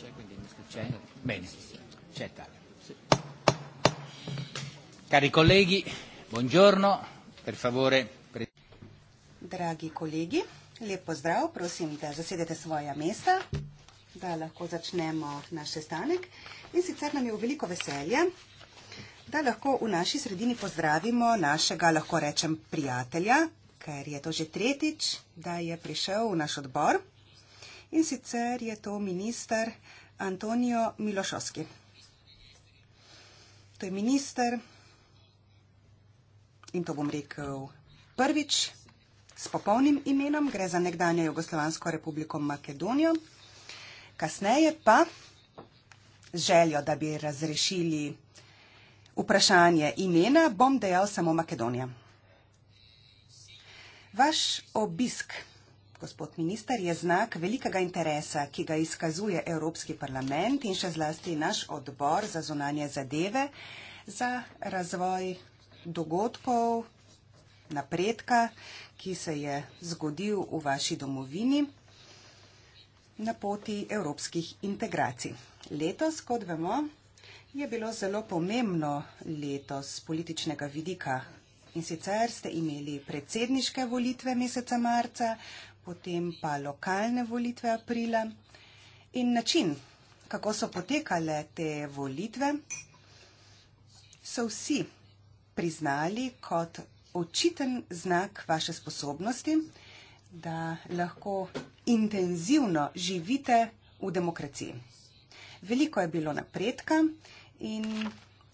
c'è, quindi c'è. Bene, c'è tale. Cari colleghi, buongiorno, per favore. Pre... Draghi colleghi, lep pozdrav, prosim, da zasedete svoja mesta, da lahko začnemo naš sestanek. In sicer nam je v veliko veselje, da lahko v naši sredini pozdravimo našega, lahko rečem, prijatelja, ker je to že tretjič, da je prišel v naš odbor in sicer je to minister Antonijo Milošovski. To je minister, in to bom rekel prvič s popolnim imenom, gre za nekdanje Jugoslovansko republiko Makedonijo, kasneje pa z željo, da bi razrešili vprašanje imena, bom dejal samo Makedonija. Vaš obisk Gospod minister, je znak velikega interesa, ki ga izkazuje Evropski parlament in še zlasti naš odbor za zunanje zadeve za razvoj dogodkov, napredka, ki se je zgodil v vaši domovini na poti evropskih integracij. Letos, kot vemo, je bilo zelo pomembno letos političnega vidika. In sicer ste imeli predsedniške volitve meseca marca, potem pa lokalne volitve aprila in način, kako so potekale te volitve, so vsi priznali kot očiten znak vaše sposobnosti, da lahko intenzivno živite v demokraciji. Veliko je bilo napredka in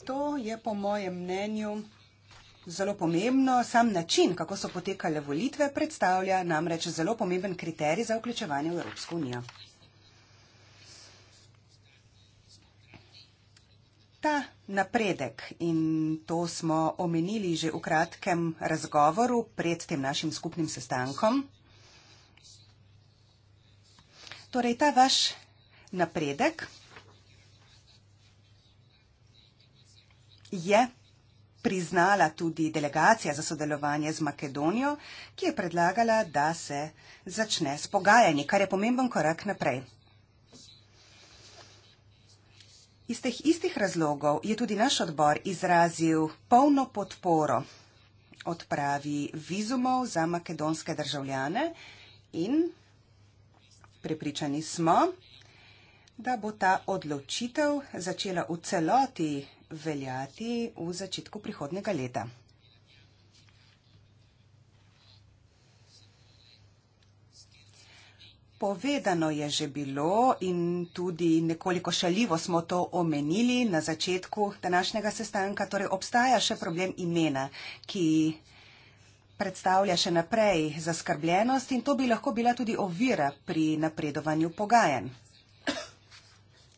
to je po mojem mnenju zelo pomembno, sam način, kako so potekale volitve, predstavlja namreč zelo pomemben kriterij za vključevanje v Evropsko unijo. Ta napredek in to smo omenili že v kratkem razgovoru pred tem našim skupnim sestankom. Torej, ta vaš napredek je vsega, priznala tudi delegacija za sodelovanje z Makedonijo, ki je predlagala, da se začne s pogajanji, kar je pomemben korak naprej. Iz teh istih razlogov je tudi naš odbor izrazil polno podporo odpravi vizumov za makedonske državljane in prepričani smo, da bo ta odločitev začela v celoti veljati v začetku prihodnega leta. Povedano je že bilo in tudi nekoliko šaljivo smo to omenili na začetku današnjega sestanka, torej obstaja še problem imena, ki predstavlja še naprej zaskrbljenost in to bi lahko bila tudi ovira pri napredovanju pogajanj.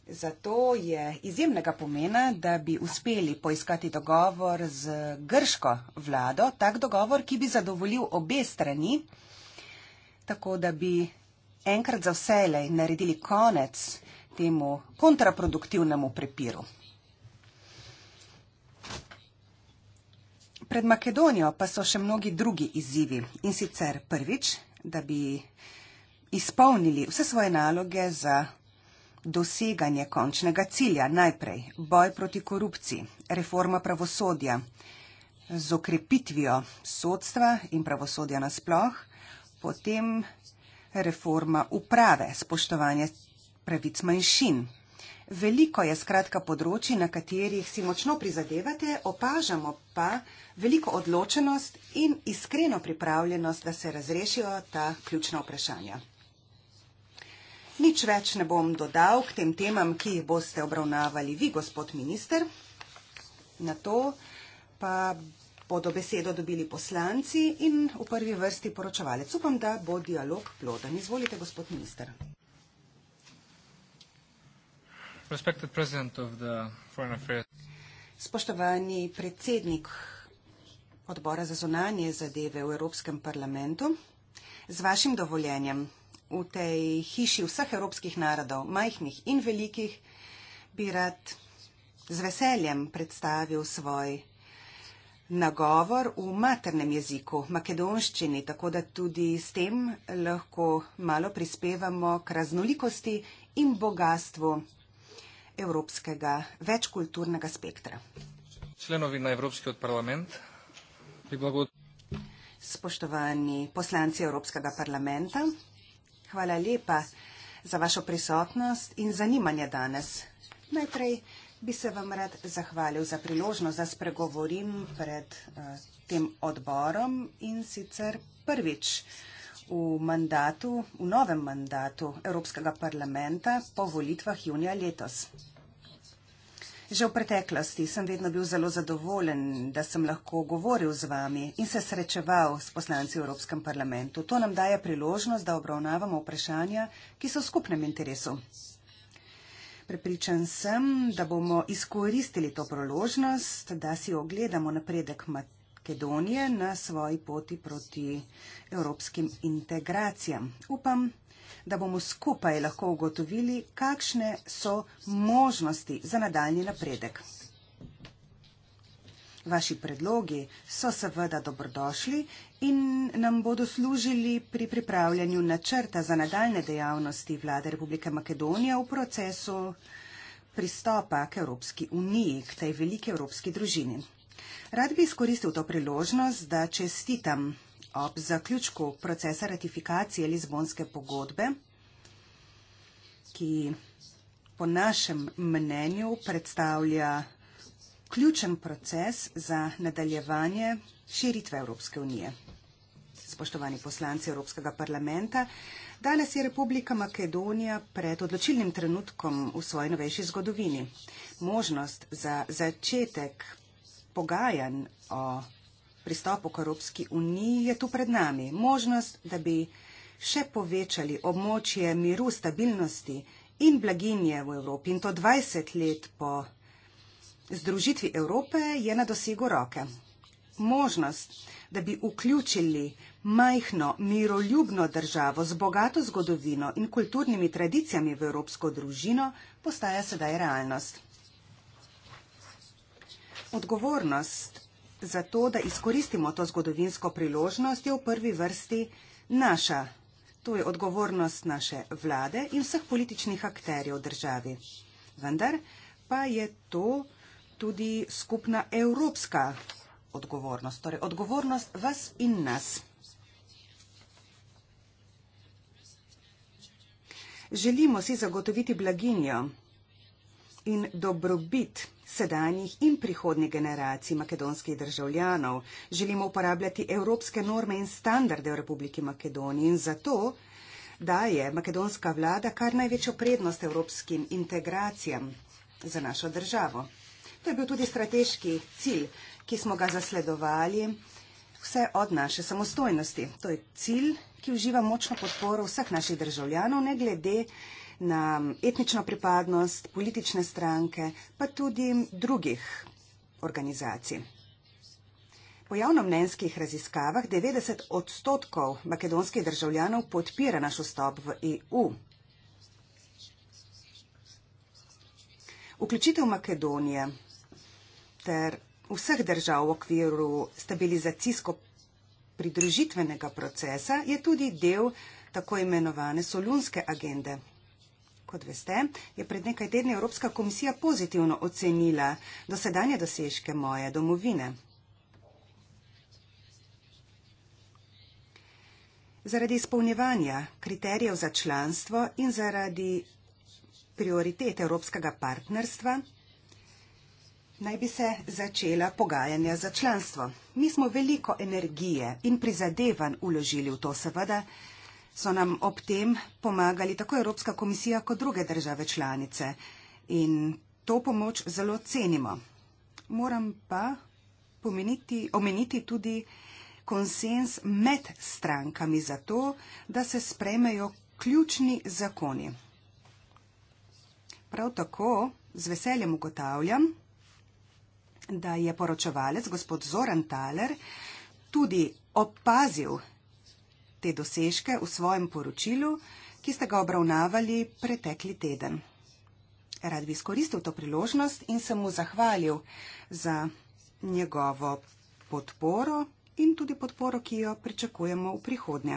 Zato je izjemnega pomena, da bi uspeli poiskati dogovor z grško vlado, tak dogovor, ki bi zadovoljil obe strani, tako da bi enkrat za vselej naredili konec temu kontraproduktivnemu prepiru. Pred Makedonijo pa so še mnogi drugi izzivi in sicer prvič, da bi izpolnili vse svoje naloge za doseganje končnega cilja najprej, boj proti korupciji, reforma pravosodja, z okrepitvijo sodstva in pravosodja nasploh, potem reforma uprave, spoštovanje pravic manjšin. Veliko je skratka področji, na katerih si močno prizadevate, opažamo pa veliko odločenost in iskreno pripravljenost, da se razrešijo ta ključna vprašanja. Nič več ne bom dodal k tem temam, ki jih boste obravnavali vi, gospod minister. Na to pa bodo besedo dobili poslanci in v prvi vrsti poročevalec. Upam, da bo dialog ploden. Izvolite, gospod minister. Spoštovani predsednik odbora za zunanje zadeve v Evropskem parlamentu, z vašim dovoljenjem v tej hiši vseh evropskih narodov, majhnih in velikih, bi rad z veseljem predstavil svoj nagovor v maternem jeziku, makedonščini, tako da tudi s tem lahko malo prispevamo k raznolikosti in bogatstvu evropskega večkulturnega spektra. Členovi na Evropski parlament bi blagodali. Spoštovani poslanci Evropskega parlamenta, Hvala lepa za vašo prisotnost in zanimanje danes. Najprej bi se vam rad zahvalil za priložnost, da spregovorim pred uh, tem odborom in sicer prvič v mandatu, v novem mandatu Evropskega parlamenta po volitvah junija letos. Že v preteklosti sem vedno bil zelo zadovoljen, da sem lahko govoril z vami in se srečeval s poslanci v Evropskem parlamentu. To nam daje priložnost, da obravnavamo vprašanja, ki so v skupnem interesu. Prepričan sem, da bomo izkoristili to priložnost, da si ogledamo napredek Makedonije na svoji poti proti evropskim integracijam. Upam, da bomo skupaj lahko ugotovili, kakšne so možnosti za nadaljni napredek. Vaši predlogi so seveda dobrodošli in nam bodo služili pri pripravljanju načrta za nadaljne dejavnosti vlade Republike Makedonije v procesu pristopa k Evropski uniji, k tej veliki evropski družini. Rad bi izkoristil to priložnost, da čestitam ob zaključku procesa ratifikacije Lizbonske pogodbe, ki po našem mnenju predstavlja ključen proces za nadaljevanje širitve Evropske unije. Spoštovani poslanci Evropskega parlamenta, danes je Republika Makedonija pred odločilnim trenutkom v svoji novejši zgodovini. Možnost za začetek pogajanj o pristopu k Evropski uniji je tu pred nami možnost, da bi še povečali območje miru, stabilnosti in blaginje v Evropi. In to 20 let po združitvi Evrope je na dosegu roke. Možnost, da bi vključili majhno, miroljubno državo z bogato zgodovino in kulturnimi tradicijami v evropsko družino, postaja sedaj realnost. Odgovornost zato, da izkoristimo to zgodovinsko priložnost, je v prvi vrsti naša. To je odgovornost naše vlade in vseh političnih akterjev v državi. Vendar pa je to tudi skupna evropska odgovornost, torej odgovornost vas in nas. Želimo si zagotoviti blaginjo in dobrobit sedanjih in prihodnjih generacij makedonskih državljanov. Želimo uporabljati evropske norme in standarde v Republiki Makedoniji in zato daje makedonska vlada kar največjo prednost evropskim integracijam za našo državo. To je bil tudi strateški cilj, ki smo ga zasledovali vse od naše samostojnosti. To je cilj, ki uživa močno podporo vseh naših državljanov, ne glede na na etnično pripadnost, politične stranke, pa tudi drugih organizacij. Po javnomnenjskih raziskavah 90 odstotkov makedonskih državljanov podpira naš vstop v EU. Vključitev Makedonije ter vseh držav v okviru stabilizacijsko pridružitvenega procesa je tudi del tako imenovane solunske agende. Kot veste, je pred nekaj tedni Evropska komisija pozitivno ocenila dosedanje dosežke moje domovine. Zaradi izpolnjevanja kriterijev za članstvo in zaradi prioritet evropskega partnerstva naj bi se začela pogajanja za članstvo. Mi smo veliko energije in prizadevanj uložili v to seveda, so nam ob tem pomagali tako Evropska komisija kot druge države članice in to pomoč zelo cenimo. Moram pa pomeniti, omeniti tudi konsens med strankami za to, da se spremejo ključni zakoni. Prav tako z veseljem ugotavljam, da je poročevalec gospod Zoran Taler tudi opazil te dosežke v svojem poročilu, ki ste ga obravnavali pretekli teden. Rad bi izkoristil to priložnost in se mu zahvalil za njegovo podporo in tudi podporo, ki jo pričakujemo v prihodnje.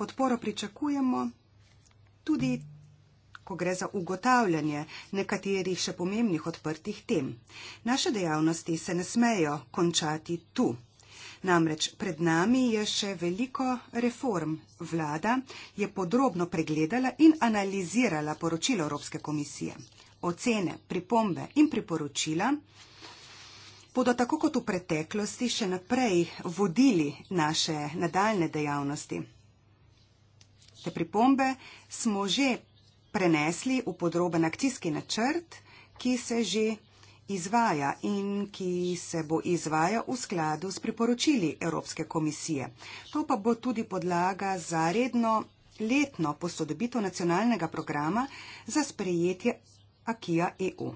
Podporo pričakujemo tudi ko gre za ugotavljanje nekaterih še pomembnih odprtih tem. Naše dejavnosti se ne smejo končati tu. Namreč pred nami je še veliko reform. Vlada je podrobno pregledala in analizirala poročilo Evropske komisije. Ocene, pripombe in priporočila bodo tako kot v preteklosti še naprej vodili naše nadaljne dejavnosti. Te pripombe smo že prenesli v podroben akcijski načrt, ki se že izvaja in ki se bo izvaja v skladu s priporočili Evropske komisije. To pa bo tudi podlaga za redno letno posodobitev nacionalnega programa za sprejetje Akija EU.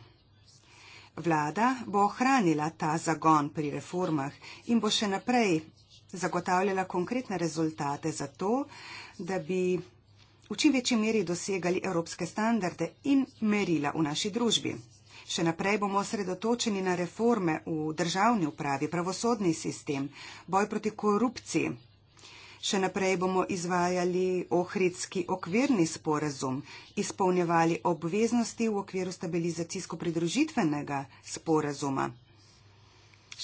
Vlada bo ohranila ta zagon pri reformah in bo še naprej zagotavljala konkretne rezultate za to, da bi v čim večji meri dosegali evropske standarde in merila v naši družbi. Še naprej bomo osredotočeni na reforme v državni upravi, pravosodni sistem, boj proti korupciji. Še naprej bomo izvajali ohridski okvirni sporazum, izpolnjevali obveznosti v okviru stabilizacijsko-pridružitvenega sporazuma.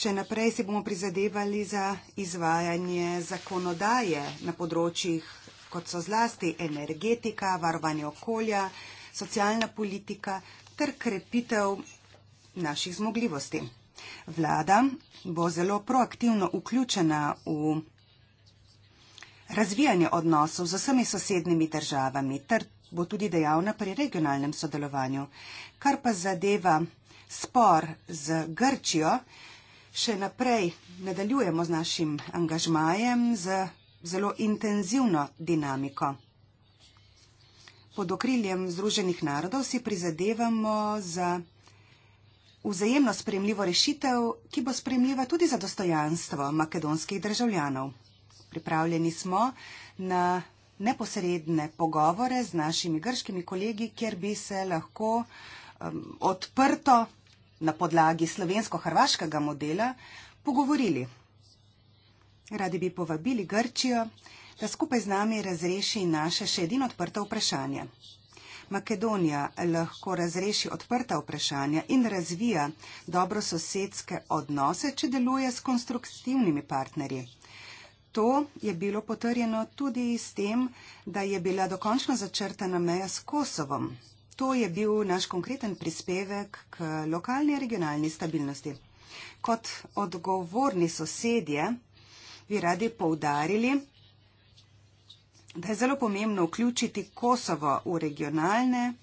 Še naprej si bomo prizadevali za izvajanje zakonodaje na področjih kot so zlasti energetika, varovanje okolja, socialna politika ter krepitev naših zmogljivosti. Vlada bo zelo proaktivno vključena v razvijanje odnosov z vsemi sosednjimi državami ter bo tudi dejavna pri regionalnem sodelovanju. Kar pa zadeva spor z Grčijo, še naprej nadaljujemo z našim angažmajem, z zelo intenzivno dinamiko. Pod okriljem Združenih narodov si prizadevamo za vzajemno spremljivo rešitev, ki bo spremljiva tudi za dostojanstvo makedonskih državljanov. Pripravljeni smo na neposredne pogovore z našimi grškimi kolegi, kjer bi se lahko um, odprto na podlagi slovensko-hrvaškega modela pogovorili. Radi bi povabili Grčijo, da skupaj z nami razreši naše še edino odprto vprašanje. Makedonija lahko razreši odprta vprašanja in razvija dobrososedske odnose, če deluje s konstruktivnimi partnerji. To je bilo potrjeno tudi s tem, da je bila dokončno začrtana meja s Kosovom. To je bil naš konkreten prispevek k lokalni regionalni stabilnosti. Kot odgovorni sosedje, bi radi poudarili, da je zelo pomembno vključiti Kosovo v regionalne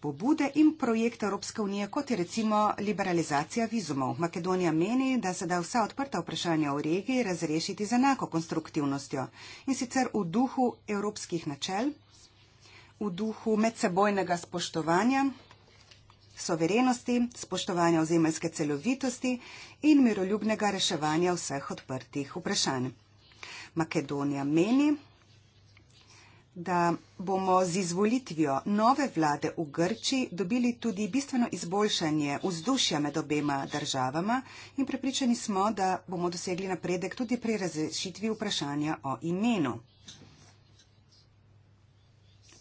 pobude in projekte Evropske unije, kot je recimo liberalizacija vizumov. Makedonija meni, da se da vsa odprta vprašanja v regiji razrešiti z enako konstruktivnostjo in sicer v duhu evropskih načel, v duhu medsebojnega spoštovanja soverenosti, spoštovanja ozemeljske celovitosti in miroljubnega reševanja vseh odprtih vprašanj. Makedonija meni, da bomo z izvolitvijo nove vlade v Grči dobili tudi bistveno izboljšanje vzdušja med obema državama in prepričani smo, da bomo dosegli napredek tudi pri razrešitvi vprašanja o imenu.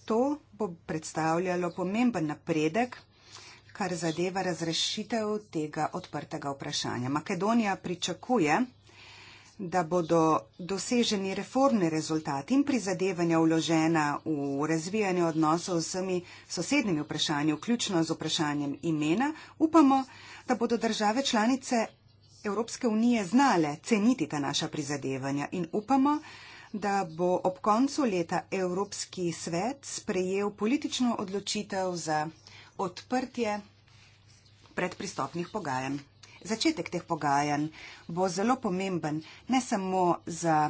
To bo predstavljalo pomemben napredek kar zadeva razrešitev tega odprtega vprašanja. Makedonija pričakuje, da bodo doseženi reformni rezultati in prizadevanja vložena v razvijanje odnosov z vsemi sosednjimi vprašanji, vključno z vprašanjem imena, upamo, da bodo države članice Evropske unije znale ceniti ta naša prizadevanja in upamo, da bo ob koncu leta Evropski svet sprejel politično odločitev za odprtje predpristopnih pogajanj. Začetek teh pogajanj bo zelo pomemben ne samo za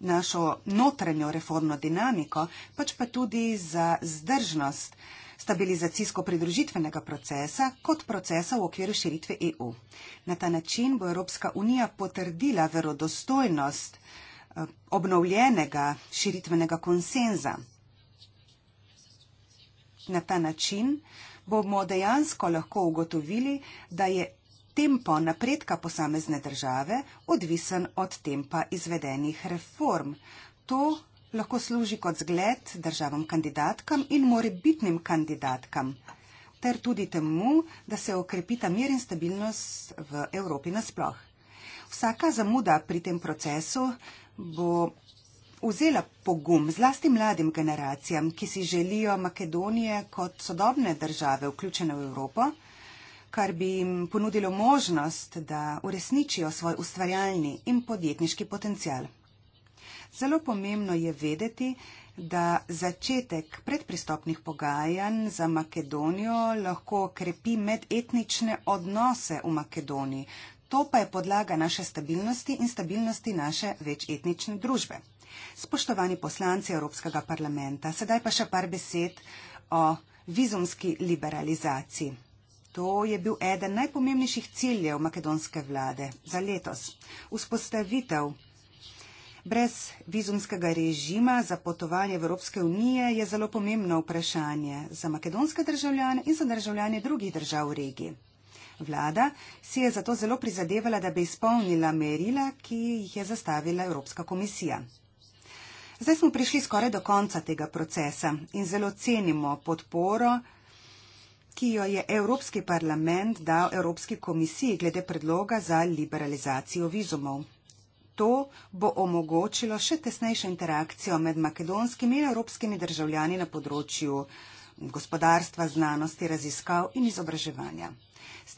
našo notranjo reformno dinamiko, pač pa tudi za zdržnost stabilizacijsko pridružitvenega procesa kot procesa v okviru širitve EU. Na ta način bo Evropska unija potrdila verodostojnost eh, obnovljenega širitvenega konsenza. Na ta način bomo dejansko lahko ugotovili, da je tempo napredka posamezne države odvisen od tempa izvedenih reform. To lahko služi kot zgled državam kandidatkam in morebitnim kandidatkam, ter tudi temu, da se okrepita mir in stabilnost v Evropi nasploh. Vsaka zamuda pri tem procesu bo vzela pogum zlasti mladim generacijam, ki si želijo Makedonije kot sodobne države vključene v Evropo, kar bi jim ponudilo možnost, da uresničijo svoj ustvarjalni in podjetniški potencial. Zelo pomembno je vedeti, da začetek predpristopnih pogajanj za Makedonijo lahko krepi medetnične odnose v Makedoniji. To pa je podlaga naše stabilnosti in stabilnosti naše večetnične družbe spoštovani poslanci Evropskega parlamenta. Sedaj pa še par besed o vizumski liberalizaciji. To je bil eden najpomembnejših ciljev makedonske vlade za letos. Vzpostavitev brez vizumskega režima za potovanje Evropske unije je zelo pomembno vprašanje za makedonske državljane in za državljane drugih držav v regiji. Vlada si je zato zelo prizadevala, da bi izpolnila merila, ki jih je zastavila Evropska komisija. Zdaj smo prišli skoraj do konca tega procesa in zelo cenimo podporo, ki jo je Evropski parlament dal Evropski komisiji glede predloga za liberalizacijo vizumov. To bo omogočilo še tesnejšo interakcijo med makedonskimi in evropskimi državljani na področju gospodarstva, znanosti, raziskav in izobraževanja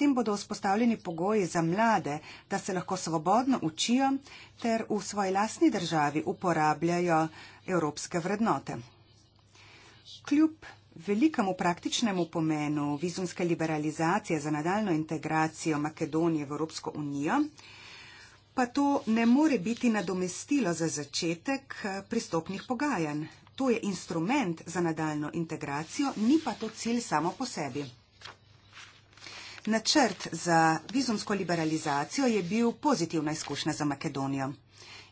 tem bodo vzpostavljeni pogoji za mlade, da se lahko svobodno učijo ter v svoji lasni državi uporabljajo evropske vrednote. Kljub velikemu praktičnemu pomenu vizumske liberalizacije za nadaljno integracijo Makedonije v Evropsko unijo, pa to ne more biti nadomestilo za začetek eh, pristopnih pogajanj. To je instrument za nadaljno integracijo, ni pa to cilj samo po sebi. Načrt za vizumsko liberalizacijo je bil pozitivna izkušnja za Makedonijo.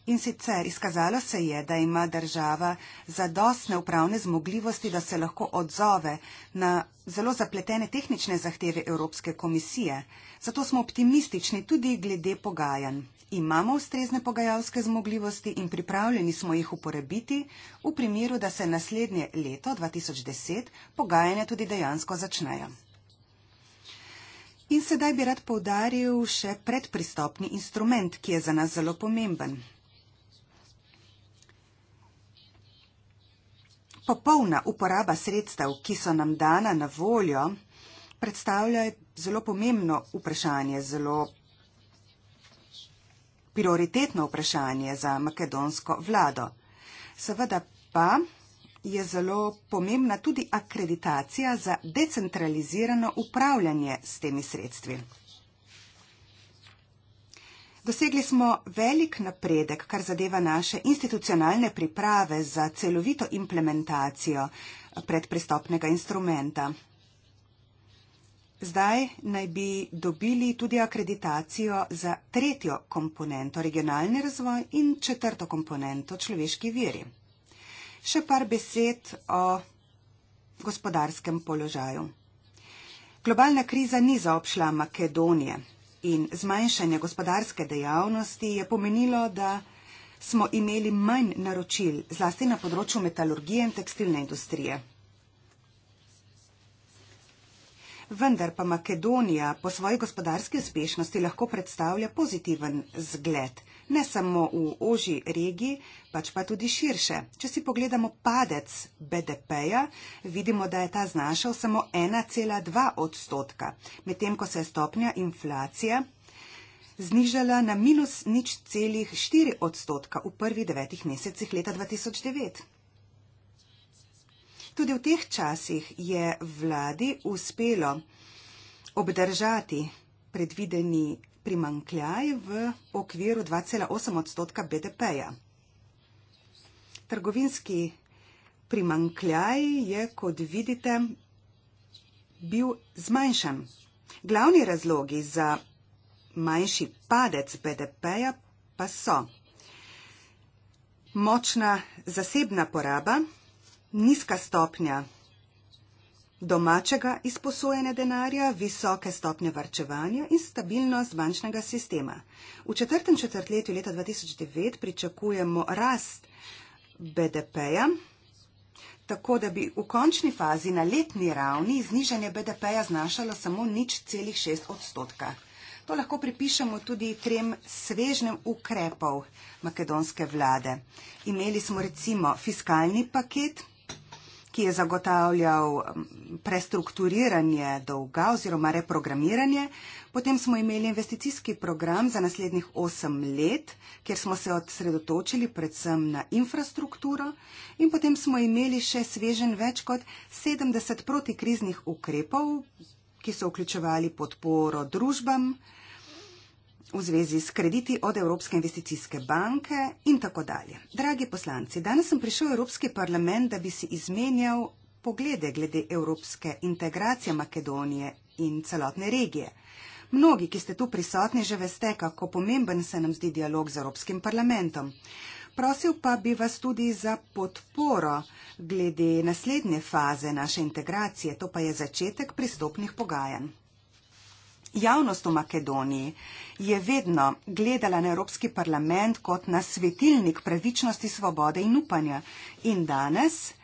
In sicer izkazalo se je, da ima država zadostne upravne zmogljivosti, da se lahko odzove na zelo zapletene tehnične zahteve Evropske komisije. Zato smo optimistični tudi glede pogajanj. Imamo ustrezne pogajalske zmogljivosti in pripravljeni smo jih uporabiti v primeru, da se naslednje leto 2010 pogajanja tudi dejansko začnejo. In sedaj bi rad povdaril še predpristopni instrument, ki je za nas zelo pomemben. Popolna uporaba sredstev, ki so nam dana na voljo, predstavlja zelo pomembno vprašanje, zelo prioritetno vprašanje za makedonsko vlado. Seveda pa je zelo pomembna tudi akreditacija za decentralizirano upravljanje s temi sredstvi. Dosegli smo velik napredek, kar zadeva naše institucionalne priprave za celovito implementacijo predpristopnega instrumenta. Zdaj naj bi dobili tudi akreditacijo za tretjo komponento regionalni razvoj in četrto komponento človeški viri še par besed o gospodarskem položaju. Globalna kriza ni zaobšla Makedonije in zmanjšanje gospodarske dejavnosti je pomenilo, da smo imeli manj naročil, zlasti na področju metalurgije in tekstilne industrije. Vendar pa Makedonija po svoji gospodarski uspešnosti lahko predstavlja pozitiven zgled ne samo v oži regiji, pač pa tudi širše. Če si pogledamo padec BDP-ja, vidimo, da je ta znašal samo 1,2 odstotka, medtem ko se je stopnja inflacije znižala na minus nič celih 4 odstotka v prvih devetih mesecih leta 2009. Tudi v teh časih je vladi uspelo obdržati predvideni primankljaj v okviru 2,8 odstotka BDP-ja. Trgovinski primankljaj je, kot vidite, bil zmanjšan. Glavni razlogi za manjši padec BDP-ja pa so močna zasebna poraba, nizka stopnja domačega izposojene denarja, visoke stopnje varčevanja in stabilnost bančnega sistema. V četrtem četrtletju leta 2009 pričakujemo rast BDP-ja, tako da bi v končni fazi na letni ravni znižanje BDP-ja znašalo samo nič celih šest odstotka. To lahko pripišemo tudi trem svežnem ukrepov makedonske vlade. Imeli smo recimo fiskalni paket, ki je zagotavljal prestrukturiranje dolga oziroma reprogramiranje. Potem smo imeli investicijski program za naslednjih osem let, kjer smo se osredotočili predvsem na infrastrukturo in potem smo imeli še svežen več kot 70 protikriznih ukrepov, ki so vključevali podporo družbam, v zvezi s krediti od Evropske investicijske banke in tako dalje. Dragi poslanci, danes sem prišel v Evropski parlament, da bi si izmenjal poglede glede evropske integracije Makedonije in celotne regije. Mnogi, ki ste tu prisotni, že veste, kako pomemben se nam zdi dialog z Evropskim parlamentom. Prosil pa bi vas tudi za podporo glede naslednje faze naše integracije, to pa je začetek pristopnih pogajanj. Javnost v Makedoniji je vedno gledala na Evropski parlament kot na svetilnik pravičnosti, svobode in upanja in danes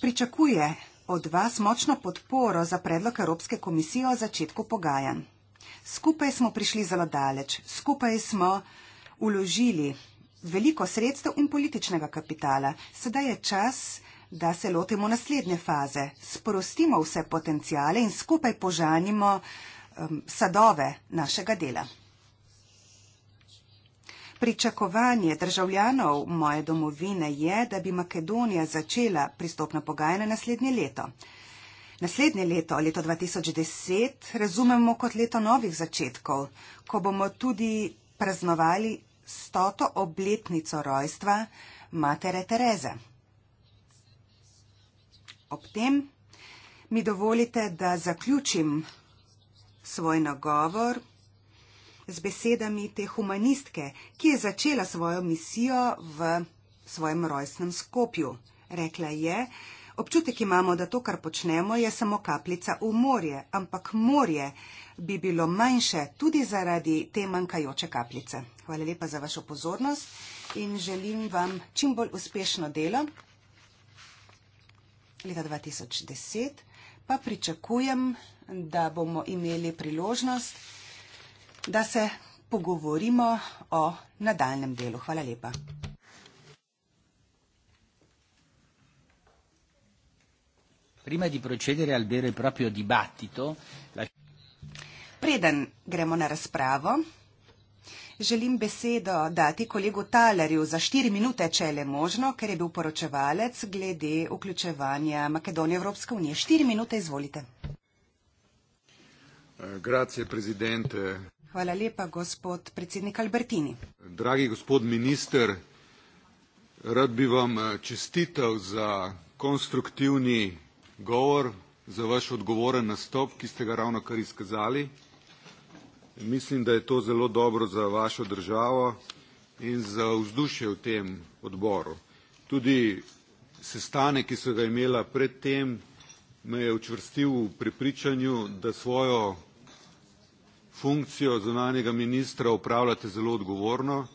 pričakuje od vas močno podporo za predlog Evropske komisije o začetku pogajanj. Skupaj smo prišli zelo daleč, skupaj smo uložili veliko sredstev in političnega kapitala. Sedaj je čas, da se lotimo naslednje faze, sprostimo vse potencijale in skupaj požanimo Um, sadove našega dela. Pričakovanje državljanov moje domovine je, da bi Makedonija začela pristopna pogajanja naslednje leto. Naslednje leto, leto 2010, razumemo kot leto novih začetkov, ko bomo tudi praznovali stoto obletnico rojstva matere Tereze. Ob tem mi dovolite, da zaključim svoj nagovor z besedami te humanistke, ki je začela svojo misijo v svojem rojstnem skopju. Rekla je, občutek imamo, da to, kar počnemo, je samo kapljica v morje, ampak morje bi bilo manjše tudi zaradi te manjkajoče kapljice. Hvala lepa za vašo pozornost in želim vam čim bolj uspešno delo. Leta 2010 pa pričakujem da bomo imeli priložnost, da se pogovorimo o nadaljem delu. Hvala lepa. Prima di procedere al vero e proprio dibattito. La... Preden gremo na razpravo, želim besedo dati kolegu Talerju za štiri minute, če le možno, ker je bil poročevalec glede vključevanja Makedonije v Evropsko unijo. Štiri minute, izvolite. Eh, grazie, presidente. Hvala lepa, gospod predsednik Albertini. Dragi gospod minister, rad bi vam eh, čestitev za konstruktivni govor, za vaš odgovoren nastop, ki ste ga ravno kar izkazali. Mislim, da je to zelo dobro za vašo državo in za vzdušje v tem odboru. Tudi sestane, ki so ga imela predtem, me je učvrstil v prepričanju, da svojo funkcijo zunanjega ministra upravljate zelo odgovorno,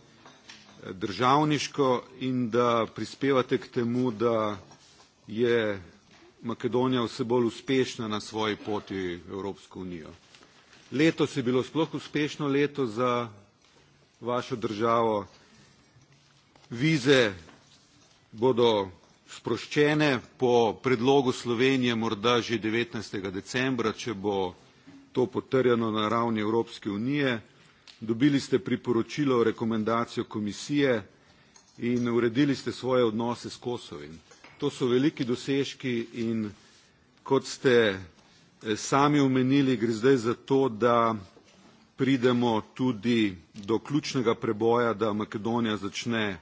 eh, državniško in da prispevate k temu, da je Makedonija vse bolj uspešna na svoji poti Evropsko unijo. Letos je bilo sploh uspešno leto za vašo državo. Vize bodo sproščene po predlogu Slovenije morda že 19. decembra, če bo to potrjeno na ravni Evropske unije. Dobili ste priporočilo, rekomendacijo komisije in uredili ste svoje odnose s Kosovim. To so veliki dosežki in kot ste eh, sami omenili, gre zdaj za to, da pridemo tudi do ključnega preboja, da Makedonija začne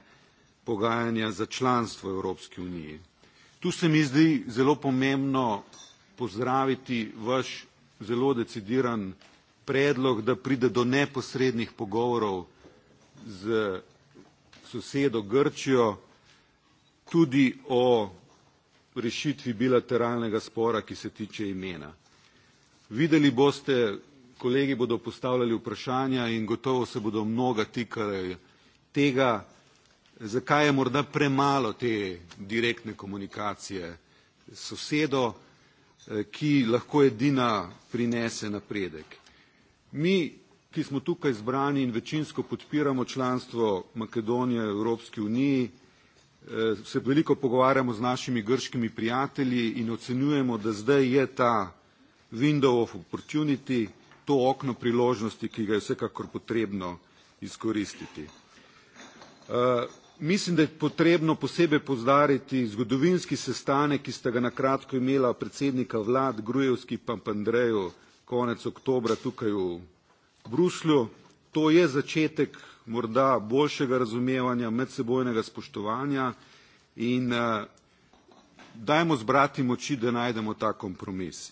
pogajanja za članstvo Evropske unije. Tu se mi zdi zelo pomembno pozdraviti vaš zelo decidiran predlog, da pride do neposrednih pogovorov z sosedo Grčijo tudi o rešitvi bilateralnega spora, ki se tiče imena. Videli boste, kolegi bodo postavljali vprašanja in gotovo se bodo mnoga tikali tega, zakaj je morda premalo te direktne komunikacije s sosedo, Eh, ki lahko edina prinese napredek. Mi, ki smo tukaj zbrani in večinsko podpiramo članstvo Makedonije v Evropski uniji, eh, se veliko pogovarjamo z našimi grškimi prijatelji in ocenjujemo, da zdaj je ta window of opportunity, to okno priložnosti, ki ga je vsekakor potrebno izkoristiti. Eh, mislim, da je potrebno posebej pozdariti zgodovinski sestanek, ki ste ga na kratko imela predsednika vlad Grujevski Pampandreju konec oktobra tukaj v Bruslju. To je začetek morda boljšega razumevanja, medsebojnega spoštovanja in uh, dajmo zbrati moči, da najdemo ta kompromis.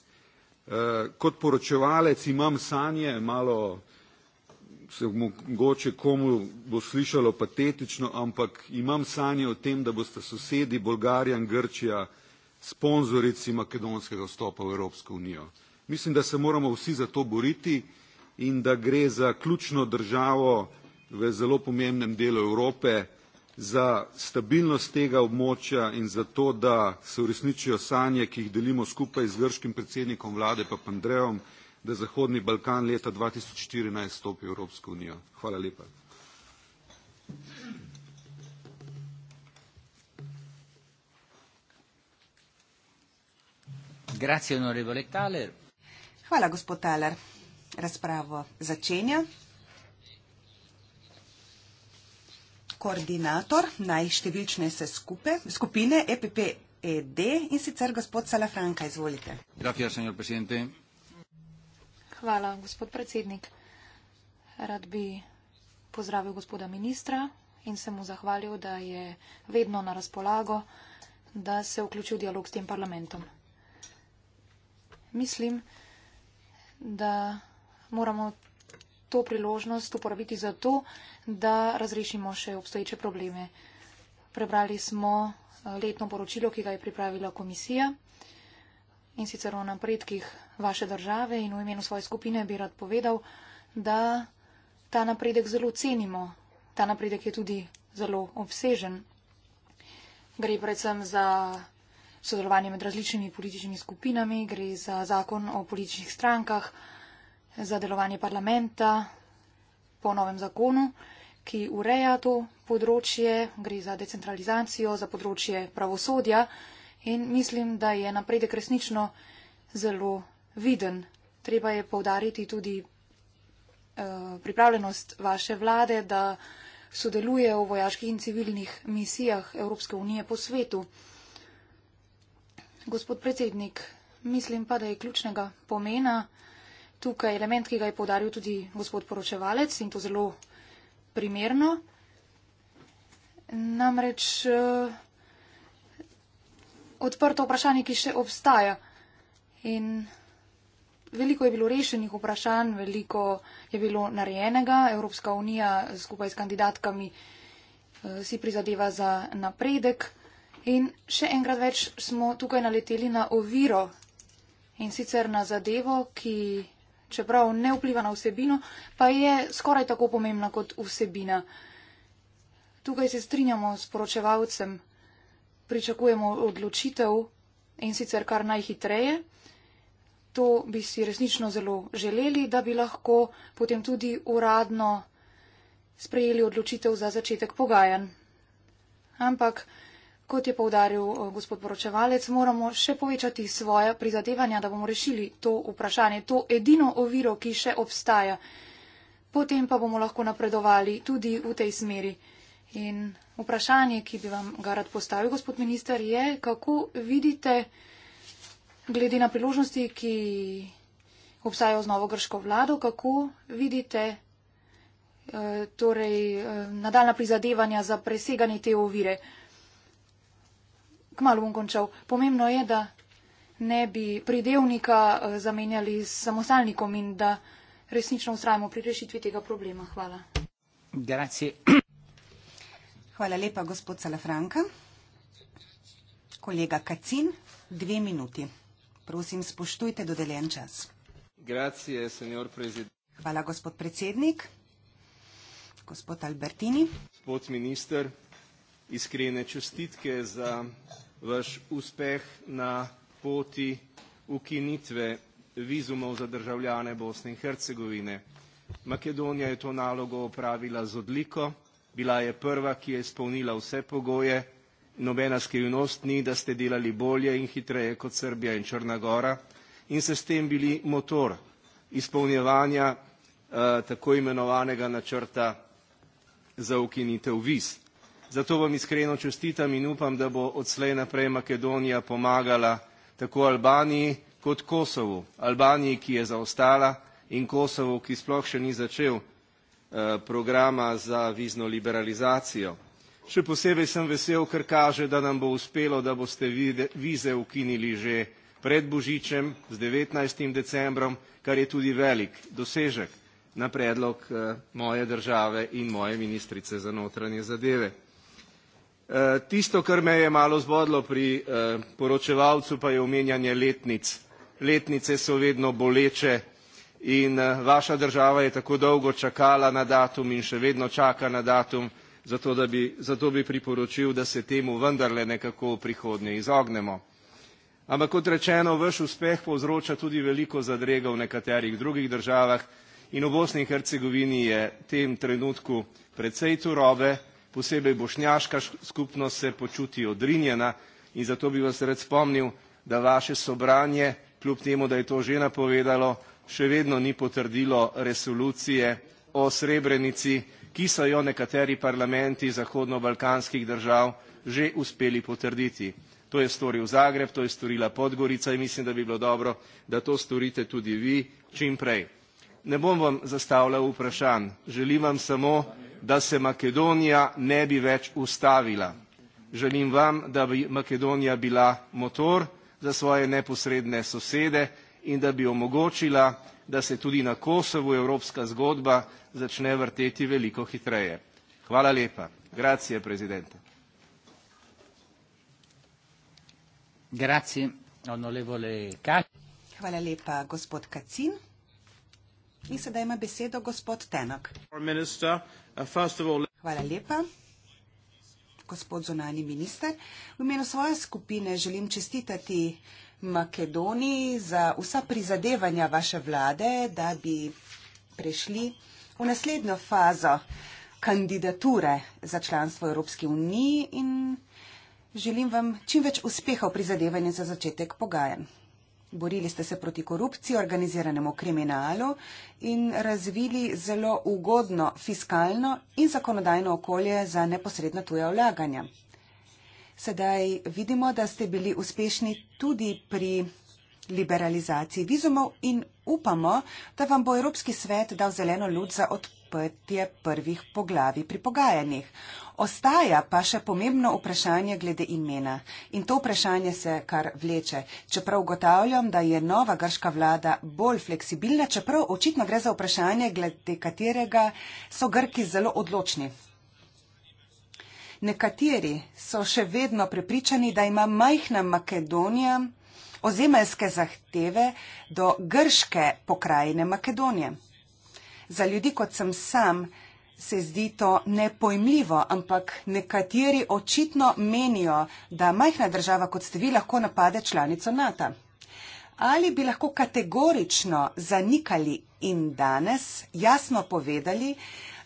Uh, kot poročevalec imam sanje, malo uh, se mogoče komu bo slišalo patetično, ampak imam sanje o tem, da boste sosedi Bolgarija in Grčija sponzorici makedonskega vstopa v Evropsko unijo. Mislim, da se moramo vsi za to boriti in da gre za ključno državo v zelo pomembnem delu Evrope, za stabilnost tega območja in za to, da se uresničijo sanje, ki jih delimo skupaj z grškim predsednikom vlade pa Andrejom pa da je Zahodni Balkan leta 2014 stopil v Evropsko unijo. Hvala lepa. Grazie, onorevole Taler. Hvala, gospod Taler. Razpravo začenja. Koordinator najštevilčne se skupe, skupine EPPED in sicer gospod Salafranka, izvolite. Grazie, senor presidente. Hvala, gospod predsednik. Rad bi pozdravil gospoda ministra in se mu zahvalil, da je vedno na razpolago, da se vključi v dialog s tem parlamentom. Mislim, da moramo to priložnost uporabiti za to, da razrešimo še obstoječe probleme. Prebrali smo letno poročilo, ki ga je pripravila komisija in sicer o napredkih vaše države in v imenu svoje skupine bi rad povedal, da ta napredek zelo cenimo. Ta napredek je tudi zelo obsežen. Gre predvsem za sodelovanje med različnimi političnimi skupinami, gre za zakon o političnih strankah, za delovanje parlamenta po novem zakonu, ki ureja to področje, gre za decentralizacijo, za področje pravosodja in mislim, da je napredek resnično zelo viden. Treba je povdariti tudi eh, pripravljenost vaše vlade, da sodeluje v vojaških in civilnih misijah Evropske unije po svetu. Gospod predsednik, mislim pa, da je ključnega pomena tukaj element, ki ga je podaril tudi gospod poročevalec in to zelo primerno. Namreč eh, odprto vprašanje, ki še obstaja. In veliko je bilo rešenih vprašanj, veliko je bilo narejenega. Evropska unija skupaj s kandidatkami eh, si prizadeva za napredek. In še enkrat več smo tukaj naleteli na oviro in sicer na zadevo, ki čeprav ne vpliva na vsebino, pa je skoraj tako pomembna kot vsebina. Tukaj se strinjamo s poročevalcem pričakujemo odločitev in sicer kar najhitreje. To bi si resnično zelo želeli, da bi lahko potem tudi uradno sprejeli odločitev za začetek pogajanj. Ampak, kot je povdaril eh, gospod poročevalec, moramo še povečati svoje prizadevanja, da bomo rešili to vprašanje, to edino oviro, ki še obstaja. Potem pa bomo lahko napredovali tudi v tej smeri. In vprašanje, ki bi vam ga rad postavil, gospod minister, je, kako vidite, glede na priložnosti, ki obstajajo z novo grško vlado, kako vidite eh, torej, eh, nadaljna prizadevanja za preseganje te ovire. Kmalo bom končal. Pomembno je, da ne bi pridevnika eh, zamenjali s samostalnikom in da resnično ustrajamo pri rešitvi tega problema. Hvala. Grazie. Hvala lepa, gospod Salafranka. Kolega Kacin, dve minuti. Prosim, spoštujte dodeljen čas. Grazie, senor predsednik. Hvala, gospod predsednik. Gospod Albertini. Gospod minister, iskrene čestitke za vaš uspeh na poti ukinitve vizumov za državljane Bosne in Hercegovine. Makedonija je to nalogo opravila z odliko. Bila je prva, ki je izpolnila vse pogoje, nobena skrivnost ni, da ste delali bolje in hitreje kot Srbija in Črna Gora in ste s tem bili motor izpolnjevanja eh, tako imenovanega načrta za ukinitev viz. Zato vam iskreno čestitam in upam, da bo odslej naprej Makedonija pomagala tako Albaniji kot Kosovu. Albaniji, ki je zaostala in Kosovu, ki sploh še ni začel Eh, programa za vizno liberalizacijo. Še posebej sem vesel, ker kaže, da nam bo uspelo, da boste vize ukinili že pred Božičem z 19. decembrom, kar je tudi velik dosežek na predlog eh, moje države in moje ministrice za notranje zadeve. Eh, tisto, kar me je malo zbodlo pri poročevalcu, pa je omenjanje letnic. Letnice so vedno boleče in eh, vaša država je tako dolgo čakala na datum in še vedno čaka na datum, zato, bi, zato bi priporočil, da se temu vendarle nekako v prihodnje izognemo. Ampak kot rečeno, vaš uspeh povzroča tudi veliko zadrega v nekaterih drugih državah in v Bosni in Hercegovini je v tem trenutku precej turobe, posebej bošnjaška skupnost se počuti odrinjena in zato bi vas rad spomnil, da vaše sobranje, kljub temu, da je to že napovedalo, še vedno ni potrdilo resolucije o Srebrenici, ki so jo nekateri parlamenti zahodnobalkanskih držav že uspeli potrditi. To je storil Zagreb, to je storila Podgorica in mislim, da bi bilo dobro, da to storite tudi vi čimprej. Ne bom vam zastavljal vprašanj, želim vam samo, da se Makedonija ne bi več ustavila. Želim vam, da bi Makedonija bila motor za svoje neposredne sosede, in da bi omogočila, da se tudi na Kosovu evropska zgodba začne vrteti veliko hitreje. Hvala lepa. Grazie, prezidenta. Grazie, onorevole Hvala lepa, gospod Kacin. In sedaj ima besedo gospod Tenok. Uh, Hvala lepa, gospod zunani minister. V imenu svoje skupine želim čestitati Makedoniji za vsa prizadevanja vaše vlade, da bi prešli v naslednjo fazo kandidature za članstvo Evropske unije in želim vam čim več uspehov pri zadevanju za začetek pogajanj. Borili ste se proti korupciji, organiziranemu kriminalu in razvili zelo ugodno fiskalno in zakonodajno okolje za neposredna tuja vlaganja. Sedaj vidimo, da ste bili uspešni tudi pri liberalizaciji vizumov in upamo, da vam bo Evropski svet dal zeleno luč za odprtje prvih poglavi pri pogajanjih. Ostaja pa še pomembno vprašanje glede imena in to vprašanje se kar vleče. Čeprav ugotavljam, da je nova grška vlada bolj fleksibilna, čeprav očitno gre za vprašanje, glede katerega so Grki zelo odločni. Nekateri so še vedno prepričani, da ima majhna Makedonija ozemeljske zahteve do grške pokrajine Makedonije. Za ljudi, kot sem sam, se zdi to nepojmljivo, ampak nekateri očitno menijo, da majhna država, kot ste vi, lahko napade članico NATO. Ali bi lahko kategorično zanikali in danes jasno povedali,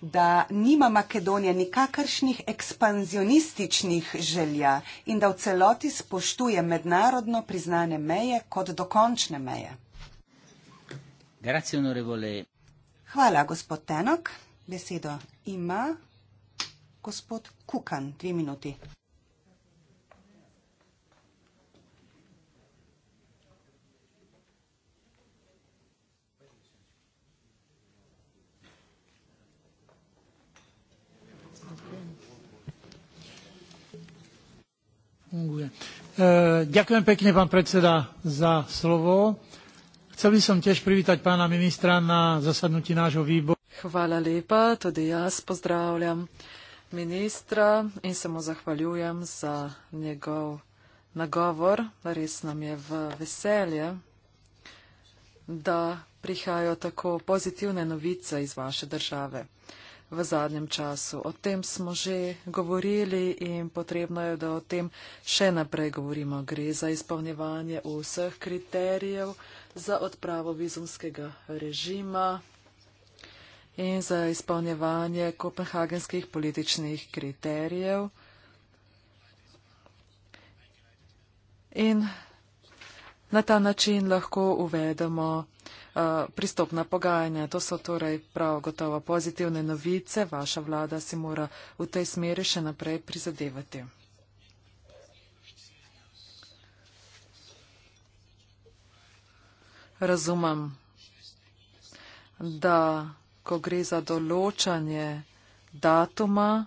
da nima Makedonija nikakršnih ekspanzionističnih želja in da v celoti spoštuje mednarodno priznane meje kot dokončne meje. Hvala, gospod Tenok. Besedo ima gospod Kukan. Dve minuti. funguje. E, ďakujem pekne, pán predseda, za slovo. Chcel by som tiež privítať pána ministra na zasadnutí nášho výboru. Hvala lepa, tudi jaz pozdravljam ministra in se mu zahvaljujem za njegov nagovor. Res nam je v veselje, da prihajajo tako pozitivne novice iz vaše države v zadnjem času. O tem smo že govorili in potrebno je, da o tem še naprej govorimo. Gre za izpolnjevanje vseh kriterijev za odpravo vizumskega režima in za izpolnjevanje kopenhagenskih političnih kriterijev. In na ta način lahko uvedemo Eh, pristopna pogajanja. To so torej prav gotovo pozitivne novice. Vaša vlada si mora v tej smeri še naprej prizadevati. Razumem, da ko gre za določanje datuma,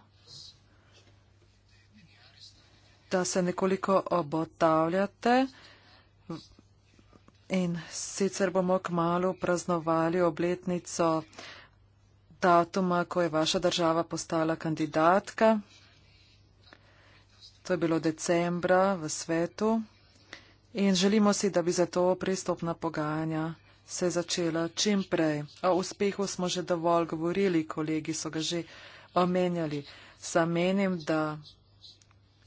da se nekoliko obotavljate, da se nekoliko obotavljate, In sicer bomo k malu praznovali obletnico datuma, ko je vaša država postala kandidatka. To je bilo decembra v svetu. In želimo si, da bi zato pristopna pogajanja se začela čim prej. O uspehu smo že dovolj govorili, kolegi so ga že omenjali. Sam menim, da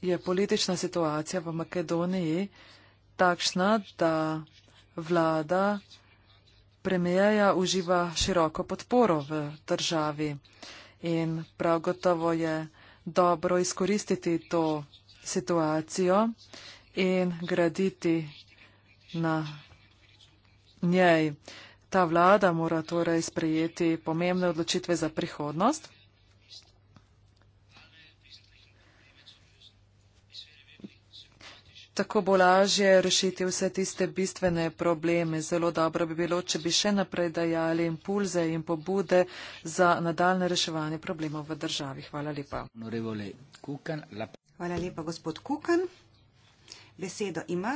je politična situacija v Makedoniji takšna, da vlada premijeja uživa široko podporo v državi. In prav gotovo je dobro izkoristiti to situacijo in graditi na njej. Ta vlada mora torej sprejeti pomembne odločitve za prihodnost. tako bo lažje rešiti vse tiste bistvene probleme. Zelo dobro bi bilo, če bi še naprej dajali impulze in pobude za nadaljne reševanje problemov v državi. Hvala lepa. Hvala lepa, gospod Kukan. Besedo ima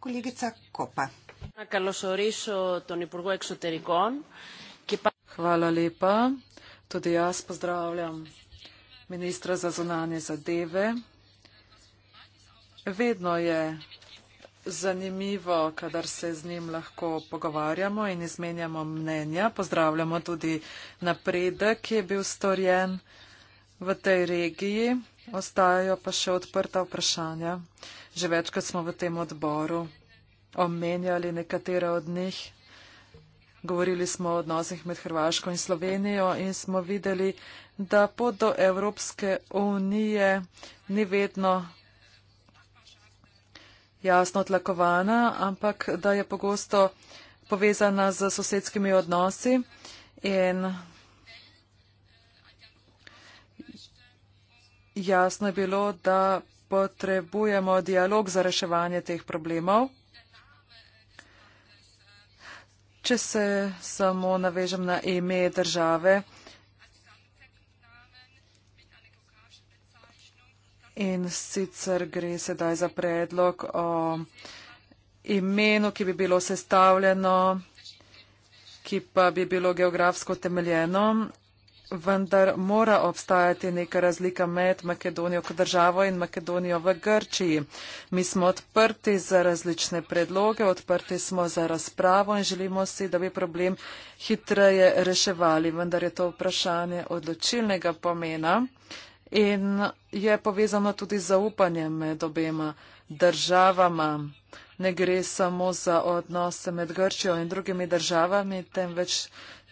kolegica Kopa. Hvala lepa. Tudi jaz pozdravljam ministra za zunanje zadeve. Vedno je zanimivo, kadar se z njim lahko pogovarjamo in izmenjamo mnenja. Pozdravljamo tudi napredek, ki je bil storjen v tej regiji. Ostajajo pa še odprta vprašanja. Že večkrat smo v tem odboru omenjali nekatere od njih. Govorili smo o odnosih med Hrvaško in Slovenijo in smo videli, da pot do Evropske unije ni vedno jasno tlakovana, ampak da je pogosto povezana z sosedskimi odnosi in jasno je bilo, da potrebujemo dialog za reševanje teh problemov. Če se samo navežem na ime države, In sicer gre sedaj za predlog o imenu, ki bi bilo sestavljeno, ki pa bi bilo geografsko temeljeno, vendar mora obstajati neka razlika med Makedonijo kot državo in Makedonijo v Grčiji. Mi smo odprti za različne predloge, odprti smo za razpravo in želimo si, da bi problem hitreje reševali, vendar je to vprašanje odločilnega pomena in je povezano tudi zaupanje med obema državama. Ne gre samo za odnose med Grčijo in drugimi državami, temveč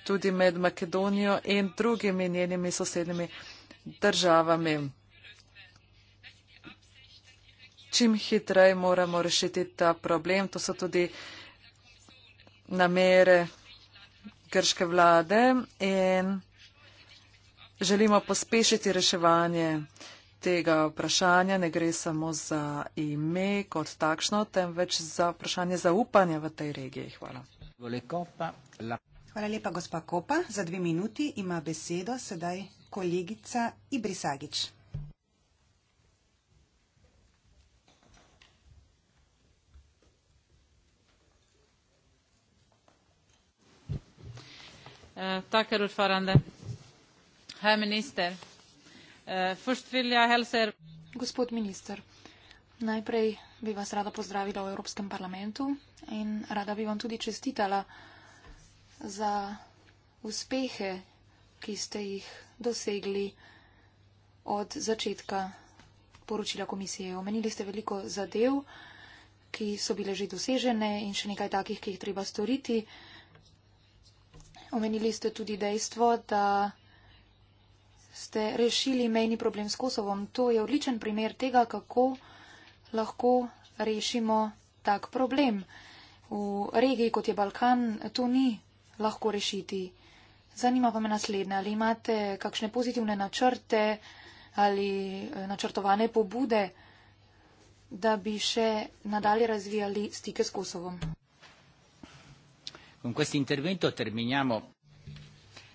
tudi med Makedonijo in drugimi njenimi sosednimi državami. Čim hitrej moramo rešiti ta problem, to so tudi namere grške vlade in vsega želimo pospešiti reševanje tega vprašanja. Ne gre samo za ime kot takšno, temveč za vprašanje zaupanja v tej regiji. Hvala. Hvala lepa, gospa Kopa. Za dve minuti ima besedo sedaj kolegica Ibrisagič. Eh, Takar od Farande. Eh, er- Gospod minister, najprej bi vas rada pozdravila v Evropskem parlamentu in rada bi vam tudi čestitala za uspehe, ki ste jih dosegli od začetka poročila komisije. Omenili ste veliko zadev, ki so bile že dosežene in še nekaj takih, ki jih treba storiti. Omenili ste tudi dejstvo, da ste rešili mejni problem s Kosovom. To je odličen primer tega, kako lahko rešimo tak problem. V regiji, kot je Balkan, to ni lahko rešiti. Zanima pa me naslednje, ali imate kakšne pozitivne načrte ali eh, načrtovane pobude, da bi še nadalje razvijali stike s Kosovom. Con questo intervento terminiamo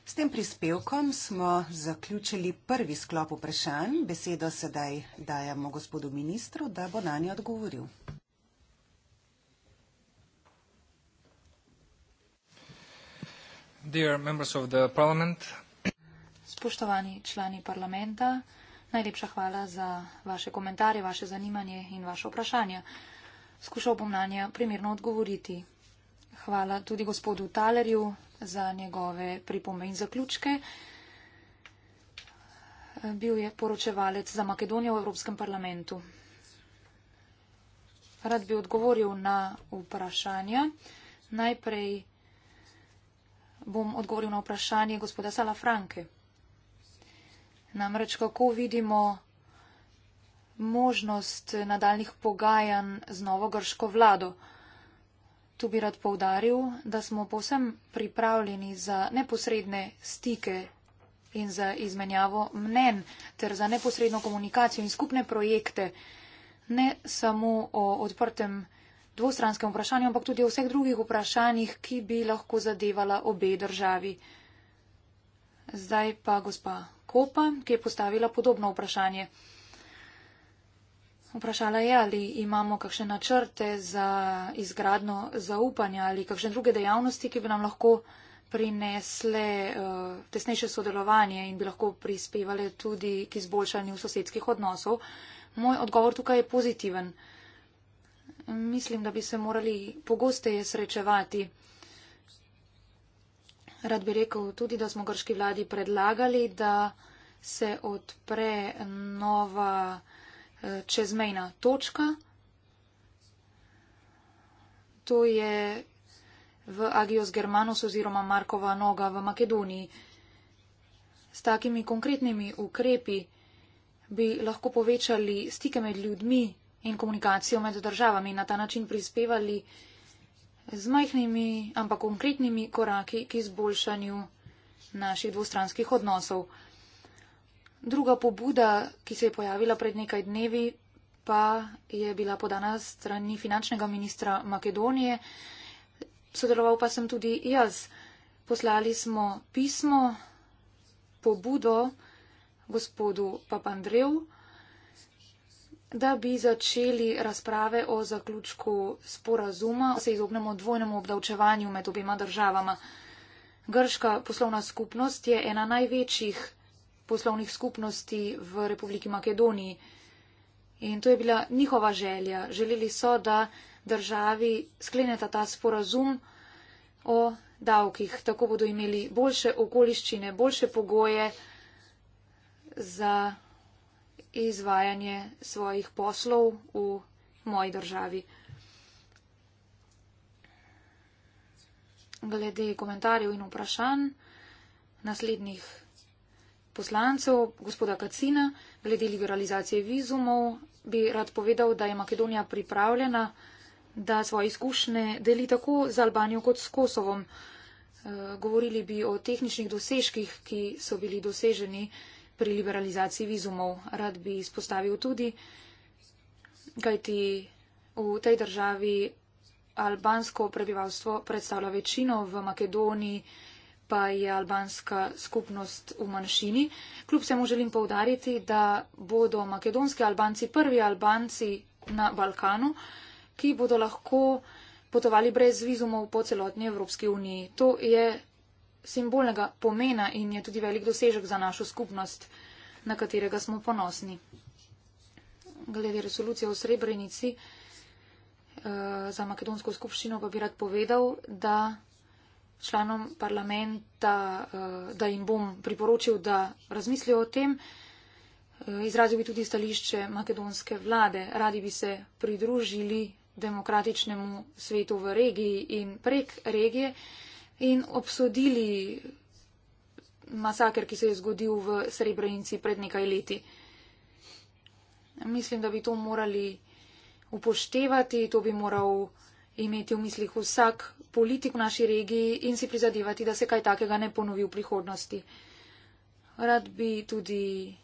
S tem prispevkom smo zaključili prvi sklop vprašanj. Besedo sedaj dajemo gospodu ministru, da bo na nje odgovoril. Spoštovani člani parlamenta, najlepša hvala za vaše komentarje, vaše zanimanje in vaše vprašanje. Skušal bom na nje primerno odgovoriti. Hvala tudi gospodu Talerju za njegove pripombe in zaključke. Bil je poročevalec za Makedonijo v Evropskem parlamentu. Rad bi odgovoril na vprašanja. Najprej bom odgovoril na vprašanje gospoda Sala Franke. Namreč kako vidimo možnost nadaljnih pogajanj z novo grško vlado. Tu bi rad povdaril, da smo povsem pripravljeni za neposredne stike in za izmenjavo mnen ter za neposredno komunikacijo in skupne projekte, ne samo o odprtem dvostranskem vprašanju, ampak tudi o vseh drugih vprašanjih, ki bi lahko zadevala obe državi. Zdaj pa gospa Kopa, ki je postavila podobno vprašanje. Vprašala je, ali imamo kakšne načrte za izgradno zaupanja ali kakšne druge dejavnosti, ki bi nam lahko prinesle uh, tesnejše sodelovanje in bi lahko prispevale tudi k izboljšanju sosedskih odnosov. Moj odgovor tukaj je pozitiven. Mislim, da bi se morali pogosteje srečevati. Rad bi rekel tudi, da smo grški vladi predlagali, da se odpre nova čezmejna točka. To je v Agios Germanos oziroma Markova noga v Makedoniji. S takimi konkretnimi ukrepi bi lahko povečali stike med ljudmi in komunikacijo med državami in na ta način prispevali z majhnimi, ampak konkretnimi koraki k izboljšanju naših dvostranskih odnosov. Druga pobuda, ki se je pojavila pred nekaj dnevi, pa je bila podana strani finančnega ministra Makedonije. Sodeloval pa sem tudi jaz. Poslali smo pismo, pobudo gospodu Papandrev, da bi začeli razprave o zaključku sporazuma, da se izognemo dvojnemu obdavčevanju med obima državama. Grška poslovna skupnost je ena največjih poslovnih skupnosti v Republiki Makedoniji. In to je bila njihova želja. Želeli so, da državi skleneta ta sporazum o davkih. Tako bodo imeli boljše okoliščine, boljše pogoje za izvajanje svojih poslov v moji državi. Glede komentarjev in vprašanj naslednjih poslancev, gospoda Kacina, glede liberalizacije vizumov, bi rad povedal, da je Makedonija pripravljena, da svoje izkušnje deli tako z Albanijo kot s Kosovom. Eh, govorili bi o tehničnih dosežkih, ki so bili doseženi pri liberalizaciji vizumov. Rad bi izpostavil tudi, kajti v tej državi albansko prebivalstvo predstavlja večino v Makedoniji, pa je albanska skupnost v manjšini. Kljub temu želim povdariti, da bodo makedonski albanci prvi albanci na Balkanu, ki bodo lahko potovali brez vizumov po celotni Evropski uniji. To je simbolnega pomena in je tudi velik dosežek za našo skupnost, na katerega smo ponosni. Glede resolucije o Srebrenici eh, za makedonsko skupščino pa bi rad povedal, da članom parlamenta, eh, da jim bom priporočil, da razmislijo o tem. Eh, izrazil bi tudi stališče makedonske vlade. Radi bi se pridružili demokratičnemu svetu v regiji in prek regije in obsodili masaker, ki se je zgodil v Srebrenici pred nekaj leti. Mislim, da bi to morali upoštevati, to bi moral imeti v mislih vsak politik v naši regiji in si prizadevati, da se kaj takega ne ponovi v prihodnosti. Rad bi tudi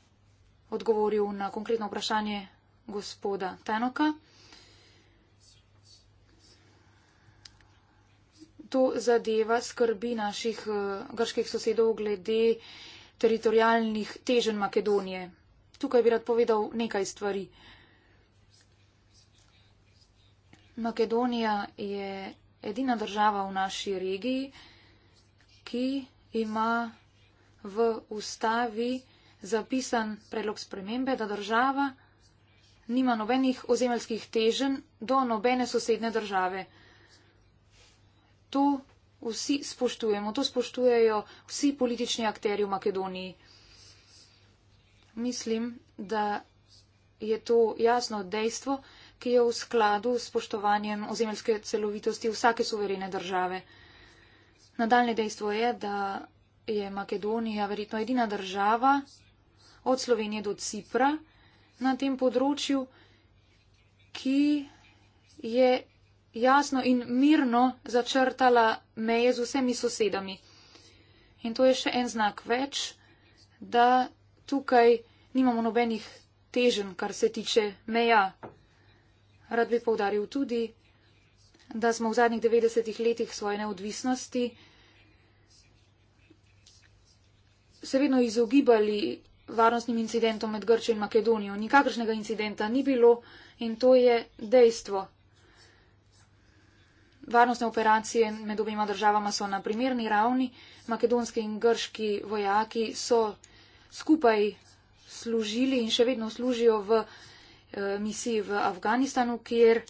odgovoril na konkretno vprašanje gospoda Tenoka. To zadeva skrbi naših eh, grških sosedov glede teritorijalnih teženj Makedonije. Tukaj bi rad povedal nekaj stvari. Makedonija je edina država v naši regiji, ki ima v ustavi zapisan predlog spremembe, da država nima nobenih ozemeljskih težen do nobene sosedne države. To vsi spoštujemo, to spoštujejo vsi politični akteri v Makedoniji. Mislim, da je to jasno dejstvo, ki je v skladu s spoštovanjem ozemeljske celovitosti vsake suverene države. Nadaljne dejstvo je, da je Makedonija verjetno edina država od Slovenije do Cipra na tem področju, ki je jasno in mirno začrtala meje z vsemi sosedami. In to je še en znak več, da tukaj nimamo nobenih težen, kar se tiče meja. Rad bi povdaril tudi, da smo v zadnjih 90 letih svoje neodvisnosti se vedno izogibali varnostnim incidentom med Grčjo in Makedonijo. Nikakršnega incidenta ni bilo in to je dejstvo. Varnostne operacije med obima državama so na primerni ravni. Makedonski in grški vojaki so skupaj služili in še vedno služijo v Eh, misiji v Afganistanu, kjer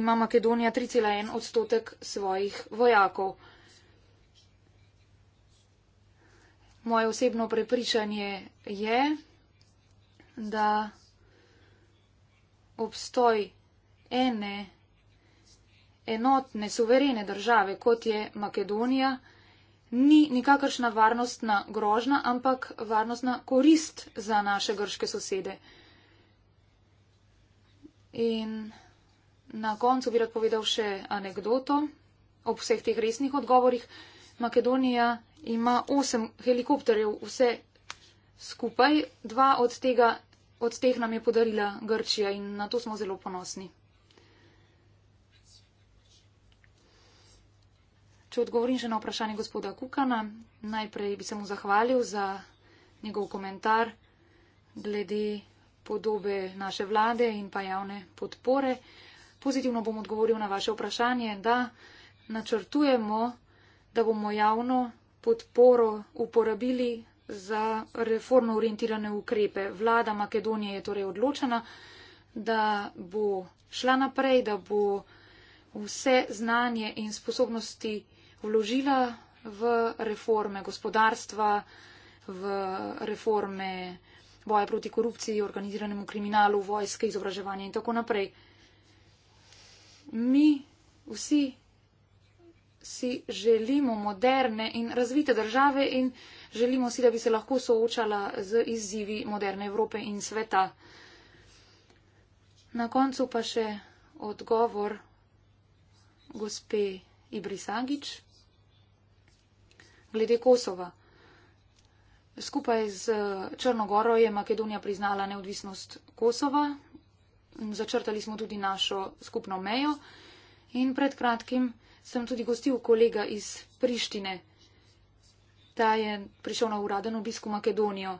ima Makedonija 3,1 odstotek svojih vojakov. Moje osebno prepričanje je, da obstoj ene enotne, suverene države, kot je Makedonija, ni nikakršna varnostna grožna, ampak varnostna korist za naše grške sosede. In na koncu bi rad povedal še anegdoto. Ob vseh teh resnih odgovorih Makedonija ima osem helikopterjev vse skupaj, dva od, tega, od teh nam je podarila Grčija in na to smo zelo ponosni. Če odgovorim še na vprašanje gospoda Kukana, najprej bi se mu zahvalil za njegov komentar glede podobe naše vlade in pa javne podpore. Pozitivno bom odgovoril na vaše vprašanje, da načrtujemo, da bomo javno podporo uporabili za reformno orientirane ukrepe. Vlada Makedonije je torej odločena, da bo šla naprej, da bo vse znanje in sposobnosti vložila v reforme gospodarstva, v reforme boja proti korupciji, organiziranemu kriminalu, vojske, izobraževanje in tako naprej. Mi vsi si želimo moderne in razvite države in želimo si, da bi se lahko soočala z izzivi moderne Evrope in sveta. Na koncu pa še odgovor gospe Ibrisagič glede Kosova. Skupaj z Črnogoro je Makedonija priznala neodvisnost Kosova, začrtali smo tudi našo skupno mejo in pred kratkim sem tudi gostil kolega iz Prištine. Ta je prišel na uraden obisk v Makedonijo.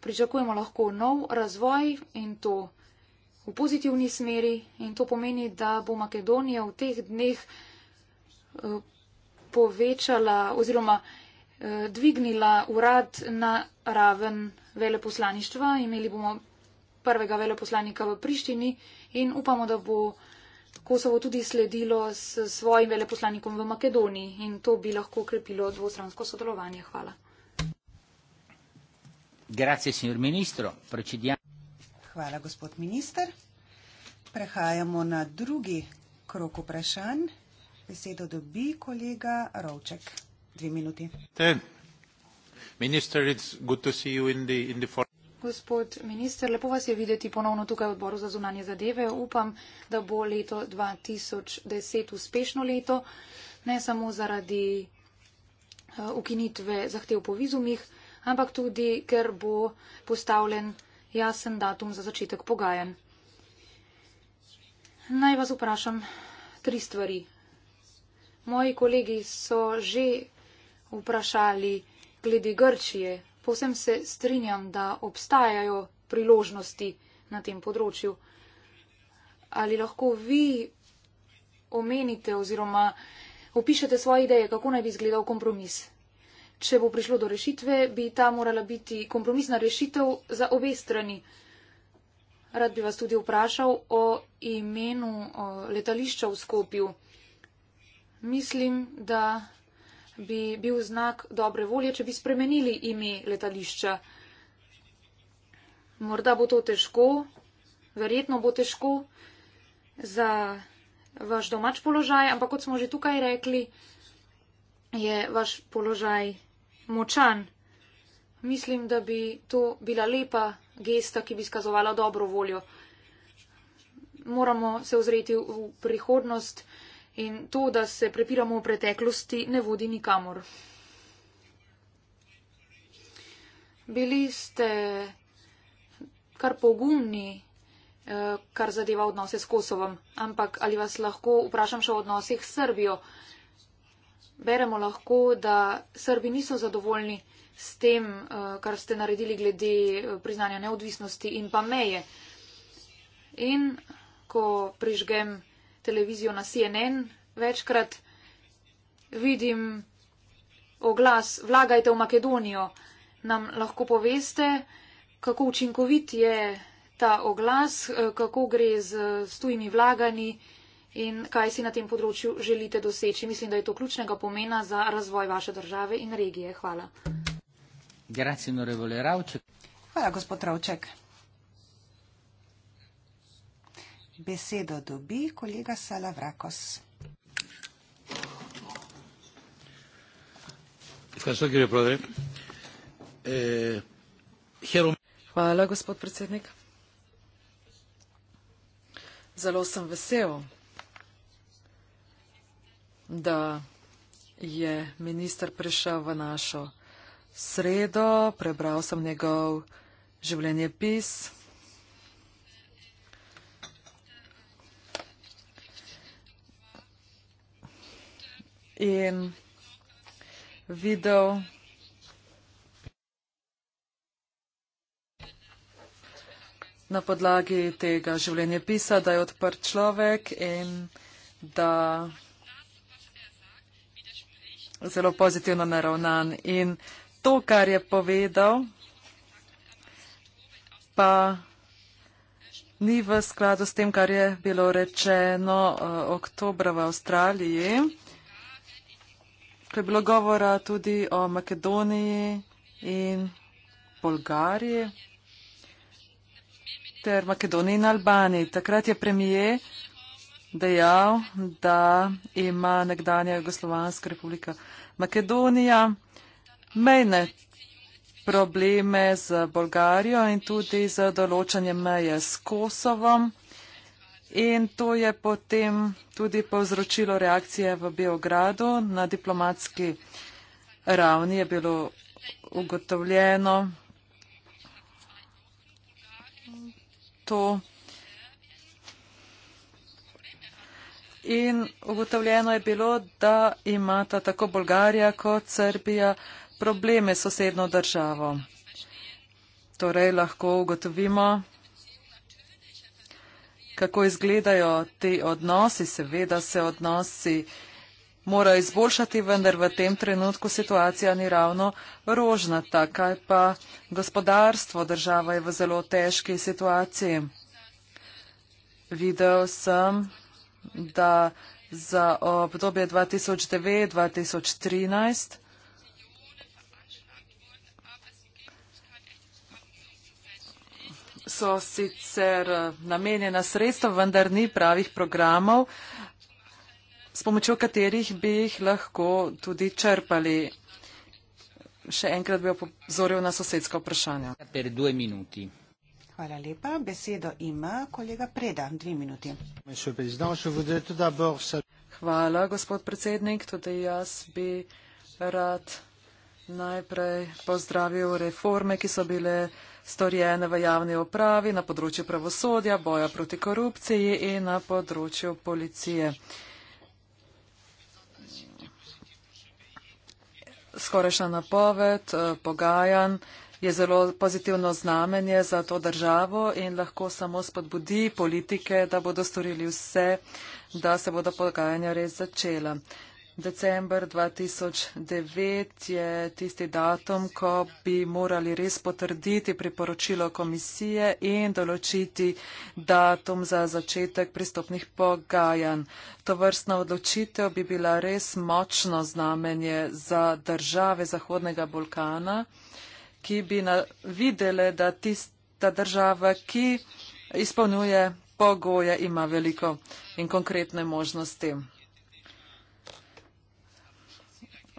Pričakujemo lahko nov razvoj in to v pozitivni smeri in to pomeni, da bo Makedonija v teh dneh eh, povečala oziroma Eh, dvignila urad na raven veleposlaništva. Imeli bomo prvega veleposlanika v Prištini in upamo, da bo Kosovo tudi sledilo s svojim veleposlanikom v Makedoniji in to bi lahko krepilo dvostransko sodelovanje. Hvala. Grazie, Hvala, gospod minister. Prehajamo na drugi krok vprašanj. Besedo dobi kolega Rovček. Gospod minister, lepo vas je videti ponovno tukaj v odboru za zunanje zadeve. Upam, da bo leto 2010 uspešno leto, ne samo zaradi eh, ukinitve zahtev po vizumih, ampak tudi, ker bo postavljen jasen datum za začetek pogajanj. Naj vas vprašam tri stvari. Moji kolegi so že vprašali glede Grčije. Povsem se strinjam, da obstajajo priložnosti na tem področju. Ali lahko vi omenite oziroma opišete svoje ideje, kako naj bi izgledal kompromis? Če bo prišlo do rešitve, bi ta morala biti kompromisna rešitev za obe strani. Rad bi vas tudi vprašal o imenu letališča v Skopju. Mislim, da bi bil znak dobre volje, če bi spremenili ime letališča. Morda bo to težko, verjetno bo težko za vaš domač položaj, ampak kot smo že tukaj rekli, je vaš položaj močan. Mislim, da bi to bila lepa gesta, ki bi skazovala dobro voljo. Moramo se ozreti v prihodnost. In to, da se prepiramo v preteklosti, ne vodi nikamor. Bili ste kar pogumni, eh, kar zadeva odnose s Kosovom. Ampak ali vas lahko vprašam še o odnosih s Srbijo? Beremo lahko, da Srbi niso zadovoljni s tem, eh, kar ste naredili glede eh, priznanja neodvisnosti in pa meje. In ko prižgem televizijo na CNN večkrat, vidim oglas, vlagajte v Makedonijo, nam lahko poveste, kako učinkovit je ta oglas, kako gre z, z tujimi vlagani in kaj si na tem področju želite doseči. Mislim, da je to ključnega pomena za razvoj vaše države in regije. Hvala. Grazie, Hvala, gospod Ravček. Besedo dobi kolega Salavrakos. Hvala, gospod predsednik. Zelo sem vesel, da je minister prišel v našo sredo, prebral sem njegov življenjepis. pis. in videl na podlagi tega življenje pisa, da je odprt človek in da zelo pozitivno naravnan. In to, kar je povedal, pa ni v skladu s tem, kar je bilo rečeno uh, oktobra v Avstraliji ko je bilo govora tudi o Makedoniji in Bolgariji ter Makedoniji in Albaniji. Takrat je premije dejal, da ima nekdanja Jugoslovanska republika Makedonija mejne probleme z Bolgarijo in tudi z določanjem meje s Kosovom. In to je potem tudi povzročilo reakcije v Beogradu. Na diplomatski ravni je bilo ugotovljeno to. In ugotovljeno je bilo, da imata tako Bolgarija kot Srbija probleme s sosedno državo. Torej lahko ugotovimo, kako izgledajo ti odnosi. Seveda se odnosi morajo izboljšati, vendar v tem trenutku situacija ni ravno rožnata. Kaj pa gospodarstvo? Država je v zelo težki situaciji. Videl sem, da za obdobje 2009-2013 so sicer eh, namenjena sredstva, vendar ni pravih programov, s pomočjo katerih bi jih lahko tudi črpali. Še enkrat bi opozoril na sosedsko vprašanje. Hvala lepa. Besedo ima kolega Preda. Dve minuti. Hvala, gospod predsednik. Tudi jaz bi rad najprej pozdravil reforme, ki so bile storjene v javni opravi na področju pravosodja, boja proti korupciji in na področju policije. Skorešna napoved, eh, pogajan je zelo pozitivno znamenje za to državo in lahko samo spodbudi politike, da bodo storili vse, da se bodo pogajanja res začela december 2009 je tisti datum, ko bi morali res potrditi priporočilo komisije in določiti datum za začetek pristopnih pogajanj. To vrstna odločitev bi bila res močno znamenje za države Zahodnega Balkana, ki bi videle, da tista država, ki izpolnjuje pogoje, ima veliko in konkretne možnosti.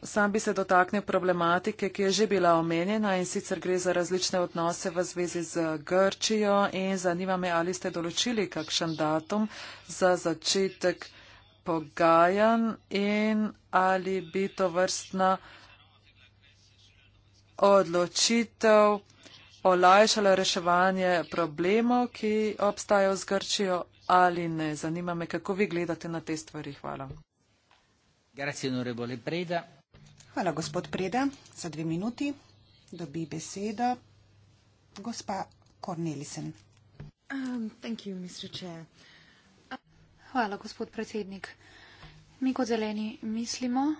Sam bi se dotaknil problematike, ki je že bila omenjena in sicer gre za različne odnose v zvezi z Grčijo in zanima me, ali ste določili kakšen datum za začetek pogajan in ali bi to vrstna odločitev olajšala reševanje problemov, ki obstajajo z Grčijo ali ne. Zanima me, kako vi gledate na te stvari. Hvala. Grazie, Hvala, gospod Preda. Za dve minuti dobi besedo gospa Kornelisen. Um, Hvala, gospod predsednik. Mi kot zeleni mislimo,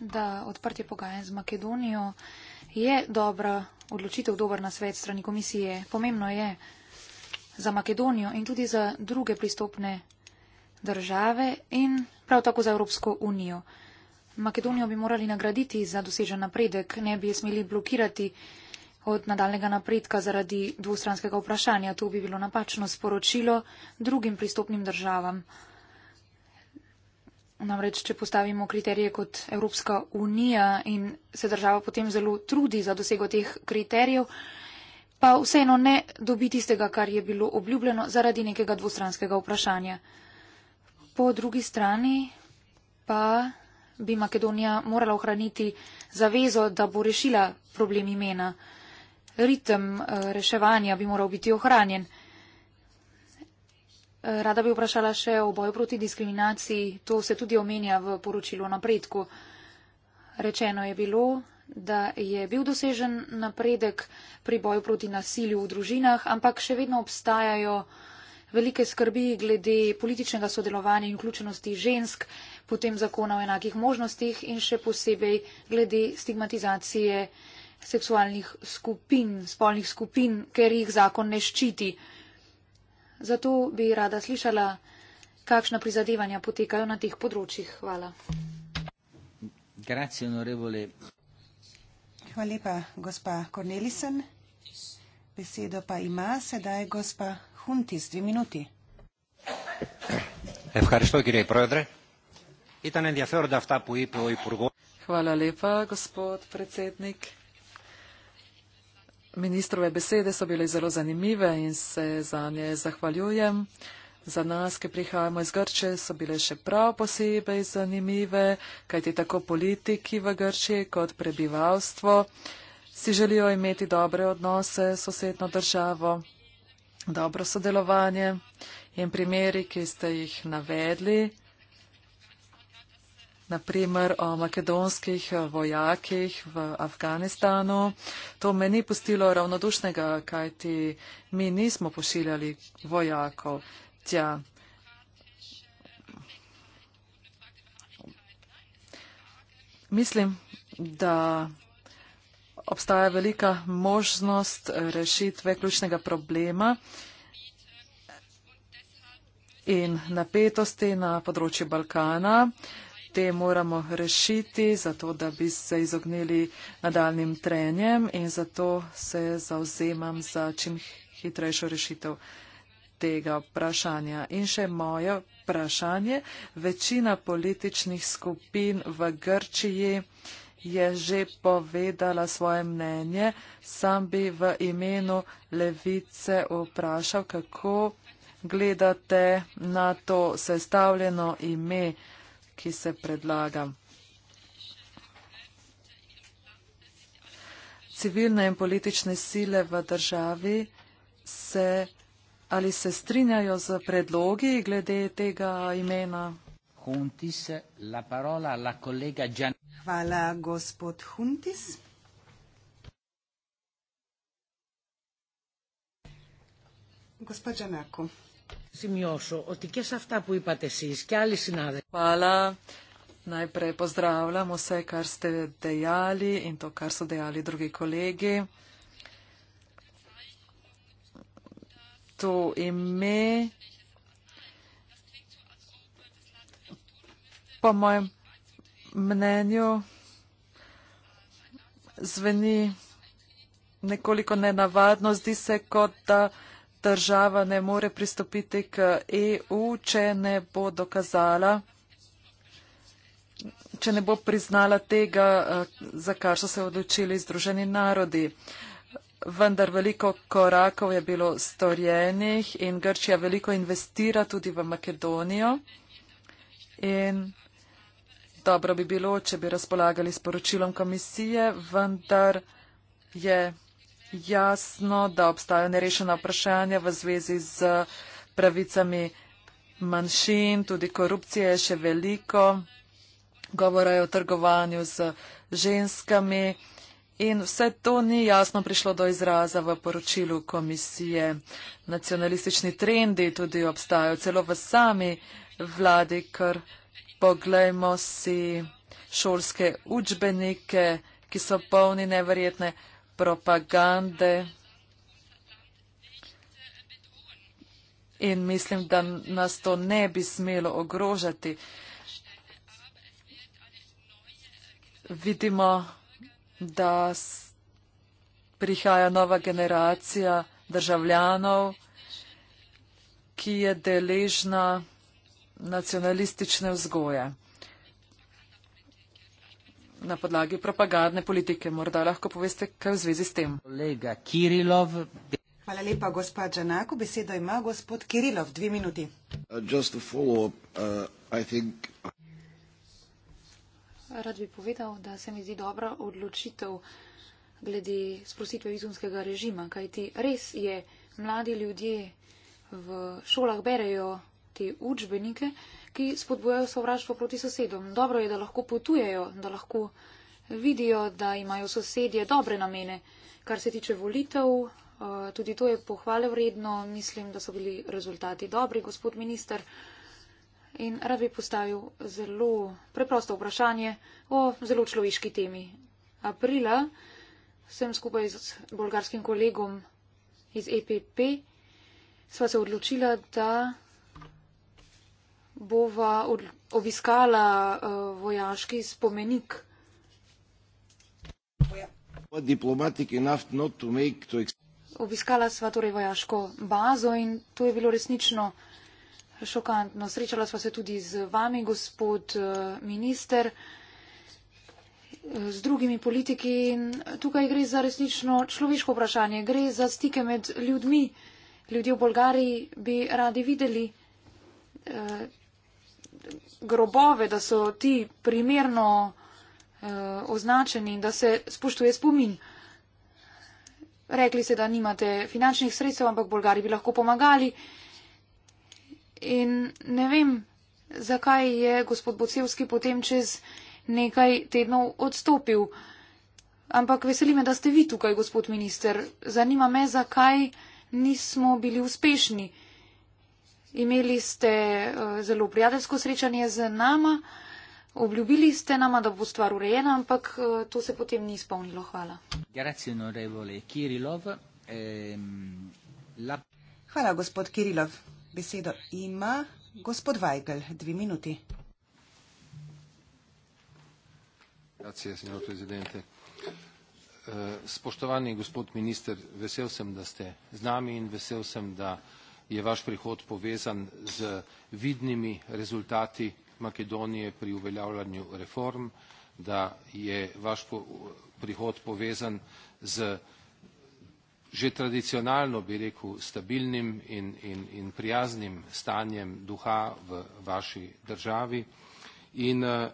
da odprtje pogajanj z Makedonijo je dobra odločitev, dober nasvet strani komisije. Pomembno je za Makedonijo in tudi za druge pristopne države in prav tako za Evropsko unijo. Uh, Makedonijo bi morali nagraditi za dosežen napredek, ne bi smeli blokirati od nadaljnega napredka zaradi dvostranskega vprašanja. To bi bilo napačno sporočilo drugim pristopnim državam. Namreč, če postavimo kriterije kot Evropska unija in se država potem zelo trudi za dosego teh kriterijev, pa vseeno ne dobi tistega, kar je bilo obljubljeno zaradi nekega dvostranskega vprašanja. Po drugi strani pa bi Makedonija morala ohraniti zavezo, da bo rešila problem imena. Ritem eh, reševanja bi moral biti ohranjen. Eh, rada bi vprašala še o boju proti diskriminaciji. To se tudi omenja v poročilu o napredku. Rečeno je bilo, da je bil dosežen napredek pri boju proti nasilju v družinah, ampak še vedno obstajajo velike skrbi glede političnega sodelovanja in vključenosti žensk po tem zakonu o enakih možnostih in še posebej glede stigmatizacije seksualnih skupin, spolnih skupin, ker jih zakon ne ščiti. Zato bi rada slišala, kakšna prizadevanja potekajo na teh področjih. Hvala. Grazie, onorevole. Hvala lepa, gospa Kornelisen. Besedo pa ima sedaj gospa Hvala lepa, gospod predsednik. Ministrove besede so bile zelo zanimive in se za nje zahvaljujem. Za nas, ki prihajamo iz Grče, so bile še prav posebej zanimive, kajti tako politiki v Grči kot prebivalstvo si želijo imeti dobre odnose s sosedno državo dobro sodelovanje in primeri, ki ste jih navedli, naprimer o makedonskih vojakih v Afganistanu. To me ni pustilo ravnodušnega, kajti mi nismo pošiljali vojakov tja. Mislim, da obstaja velika možnost rešitve ključnega problema in napetosti na področju Balkana. Te moramo rešiti, zato da bi se izognili nadaljnim trenjem in zato se zauzemam za čim hitrejšo rešitev tega vprašanja. In še moje vprašanje. Večina političnih skupin v Grčiji je že povedala svoje mnenje. Sam bi v imenu Levice vprašal, kako gledate na to sestavljeno ime, ki se predlaga. Civilne in politične sile v državi se ali se strinjajo z predlogi glede tega imena? Contis, la parola, la collega Gian... Hvala, gospod Huntis. Gospod Žanako. Σημειώσω ότι και σε αυτά που είπατε εσείς και άλλοι συνάδελφοι. Πάλα, να υπρεποστράβλα, μοσέ καρστε δεάλι, είναι το καρστο δεάλι δρογοί κολέγοι. Το είμαι, по-моему, mnenju zveni nekoliko nenavadno. Zdi se, kot da država ne more pristopiti k EU, če ne bo dokazala, če ne bo priznala tega, eh, za kar so se odločili Združeni narodi. Vendar veliko korakov je bilo storjenih in Grčija veliko investira tudi v Makedonijo. In Dobro bi bilo, če bi razpolagali s poročilom komisije, vendar je jasno, da obstajajo nerešena vprašanja v zvezi z pravicami manjšin, tudi korupcije je še veliko, govorajo o trgovanju z ženskami in vse to ni jasno prišlo do izraza v poročilu komisije. Nacionalistični trendi tudi obstajajo celo v sami vladi, ker. Poglejmo si šolske učbenike, ki so polni neverjetne propagande. In mislim, da nas to ne bi smelo ogrožati. Vidimo, da prihaja nova generacija državljanov, ki je deležna nacionalistične vzgoje. Na podlagi propagandne politike, morda lahko poveste kaj v zvezi s tem. Hvala lepa, gospa Džanako. Besedo ima gospod Kirilov. Dve minuti. Uh, uh, Rad bi povedal, da se mi zdi dobra odločitev glede sprostitve vizumskega režima, kajti res je, mladi ljudje v šolah berejo te učbenike, ki spodbujajo sovraštvo proti sosedom. Dobro je, da lahko potujejo, da lahko vidijo, da imajo sosedje dobre namene. Kar se tiče volitev, eh, tudi to je pohvale vredno. Mislim, da so bili rezultati dobri, gospod minister. In rad bi postavil zelo preprosto vprašanje o zelo človeški temi. Aprila sem skupaj z bolgarskim kolegom iz EPP sva se odločila, da bova obiskala uh, vojaški spomenik. Obiskala sva torej vojaško bazo in to je bilo resnično šokantno. Srečala sva se tudi z vami, gospod eh, minister, z drugimi politiki in tukaj gre za resnično človeško vprašanje. Gre za stike med ljudmi. Ljudje v Bolgariji bi radi videli. Uh, grobove, da so ti primerno eh, označeni in da se spoštuje spomin. Rekli ste, da nimate finančnih sredstev, ampak Bolgari bi lahko pomagali. In ne vem, zakaj je gospod Bocevski potem čez nekaj tednov odstopil. Ampak veseli me, da ste vi tukaj, gospod minister. Zanima me, zakaj nismo bili uspešni. Imeli ste eh, zelo prijateljsko srečanje z nama, obljubili ste nama, da bo stvar urejena, ampak eh, to se potem ni izpolnilo. Hvala. Ehm, Hvala, gospod Kirilov. Besedo ima gospod Weigl, dve minuti. Grazie, signor presidente. Eh, spoštovani gospod minister, vesel sem, da ste z nami in vesel sem, da je vaš prihod povezan z vidnimi rezultati Makedonije pri uveljavljanju reform, da je vaš po, prihod povezan z že tradicionalno, bi rekel, stabilnim in, in, in prijaznim stanjem duha v vaši državi. In uh,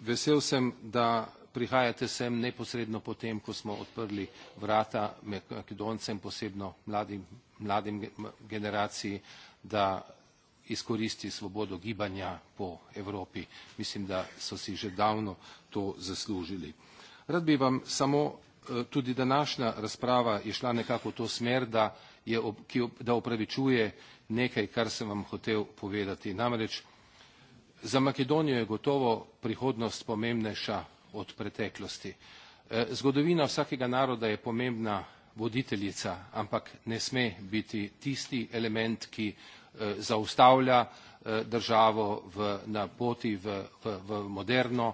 vesel sem, da prihajate sem neposredno potem, ko smo odprli vrata Makedoncem, posebno mladim, mladim generaciji, da izkoristi svobodo gibanja po Evropi. Mislim, da so si že davno to zaslužili. Rad bi vam samo eh, tudi današnja razprava je šla nekako v to smer, da, je, ki, da upravičuje nekaj, kar sem vam hotel povedati. Namreč za Makedonijo je gotovo prihodnost pomembnejša od preteklosti. E, zgodovina vsakega naroda je pomembna voditeljica, ampak ne sme biti tisti element, ki e, zaustavlja e, državo v, na poti v, v, v moderno,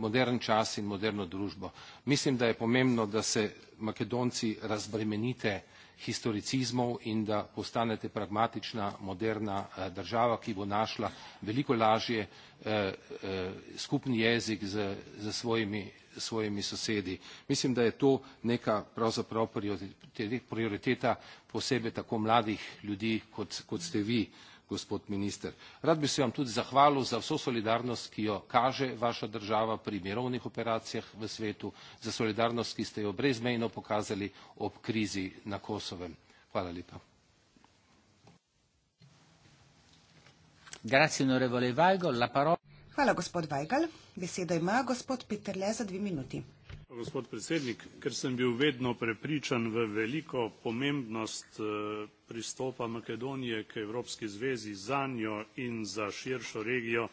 modern čas in moderno družbo. Mislim, da je pomembno, da se Makedonci razbremenite historicizmov in da postanete pragmatična, moderna eh, država, ki bo našla veliko lažje eh, eh, skupni jezik z, z svojimi, svojimi sosedi. Mislim, da je to neka pravzaprav prioriteta posebej tako mladih ljudi, kot, kot ste vi gospod minister. Rad bi se vam tudi zahvalil za vso solidarnost, ki jo kaže vaša država pri mirovnih operacijah v svetu, za solidarnost, ki ste jo brezmejno pokazali ob krizi na Kosovem. Hvala lepa. Hvala, gospod Vajgal. Besedo ima gospod Peter Le za dve minuti gospod predsednik. Ker sem bil vedno prepričan v veliko pomembnost eh, pristopa Makedonije k Evropski zvezi za njo in za širšo regijo,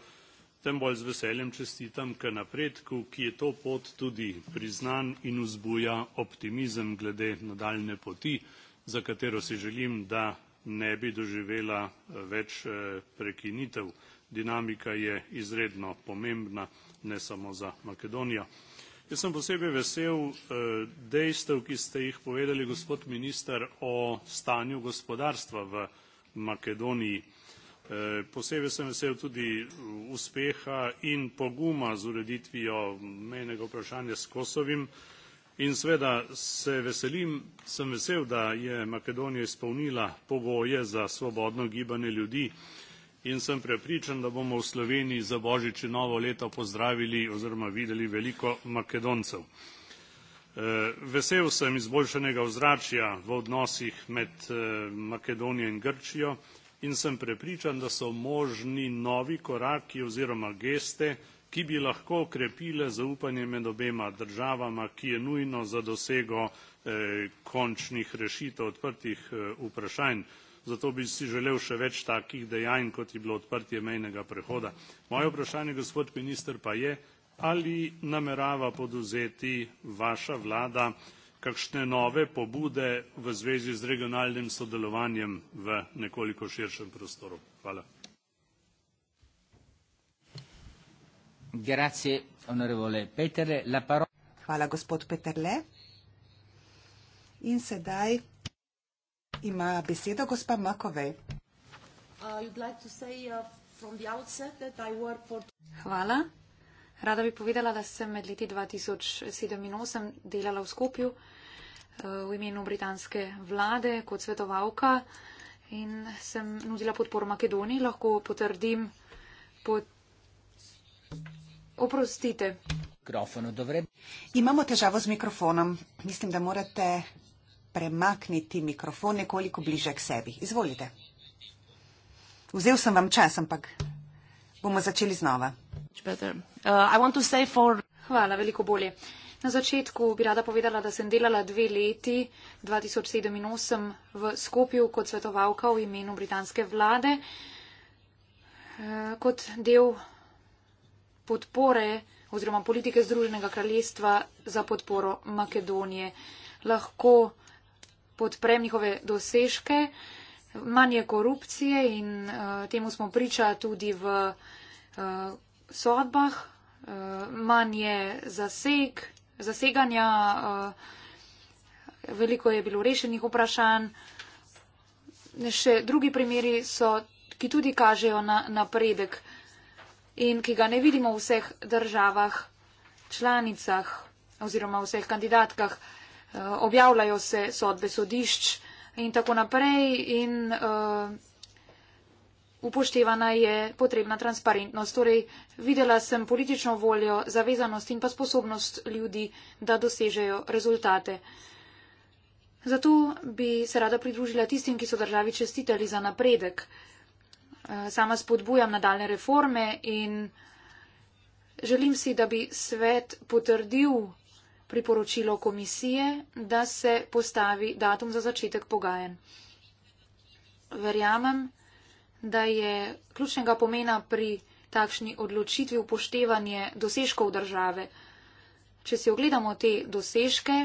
tem bolj z veseljem čestitam k napredku, ki je to pot tudi priznan in vzbuja optimizem glede nadaljne poti, za katero si želim, da ne bi doživela eh, več eh, prekinitev. Dinamika je izredno pomembna, ne samo za Makedonijo. Jaz sem posebej vesel eh, dejstev, ki ste jih povedali, gospod minister, o stanju gospodarstva v Makedoniji. Eh, posebej sem vesel tudi uspeha in poguma z ureditvijo menega vprašanja s Kosovim in sveda se veselim, sem vesel, da je Makedonija izpolnila pogoje za svobodno gibanje ljudi in sem prepričan, da bomo v Sloveniji za božič in novo leto pozdravili oziroma videli veliko Makedoncev. E, vesel sem izboljšanega vzračja v odnosih med e, Makedonijo in Grčijo in sem prepričan, da so možni novi koraki oziroma geste, ki bi lahko okrepile zaupanje med obema državama, ki je nujno za dosego e, končnih rešitev odprtih vprašanj zato bi si želel še več takih dejanj, kot je bilo odprtje mejnega prehoda. Moje vprašanje, gospod minister, pa je, ali namerava poduzeti vaša vlada kakšne nove pobude v zvezi z regionalnim sodelovanjem v nekoliko širšem prostoru? Hvala. Grazie, onorevole Peterle. La parola. Hvala, gospod Peterle. In sedaj ima besedo gospa Makovej. Uh, uh, Hvala. Rada bi povedala, da sem med leti 2007 in 2008 delala v Skopju uh, v imenu britanske vlade kot svetovalka in sem nudila podporo Makedoniji. Lahko potrdim pod. Oprostite. Imamo težavo z mikrofonom. Mislim, da morate premakniti mikrofon nekoliko bliže k sebi. Izvolite. Vzel sem vam čas, ampak bomo začeli znova. Uh, Hvala, veliko bolje. Na začetku bi rada povedala, da sem delala dve leti, 2007 in 2008, v Skopju kot svetovalka v imenu britanske vlade, eh, kot del podpore oziroma politike Združenega kraljestva za podporo Makedonije. Lahko podprem njihove dosežke, manje korupcije in uh, temu smo priča tudi v uh, sodbah, uh, eh, manje zaseg, zaseganja, uh, veliko je bilo rešenih vprašanj. Še drugi primeri so, ki tudi kažejo na napredek in ki ga ne vidimo v vseh državah, članicah oziroma v vseh kandidatkah. Uh, Eh, objavljajo se sodbe sodišč in tako naprej in eh, upoštevana je potrebna transparentnost. Torej, videla sem politično voljo, zavezanost in pa sposobnost ljudi, da dosežejo rezultate. Zato bi se rada pridružila tistim, ki so državi čestiteli za napredek. Eh, sama spodbujam nadaljne reforme in želim si, da bi svet potrdil priporočilo komisije, da se postavi datum za začetek pogajanj. Verjamem, da je ključnega pomena pri takšni odločitvi upoštevanje dosežkov države. Če si ogledamo te dosežke,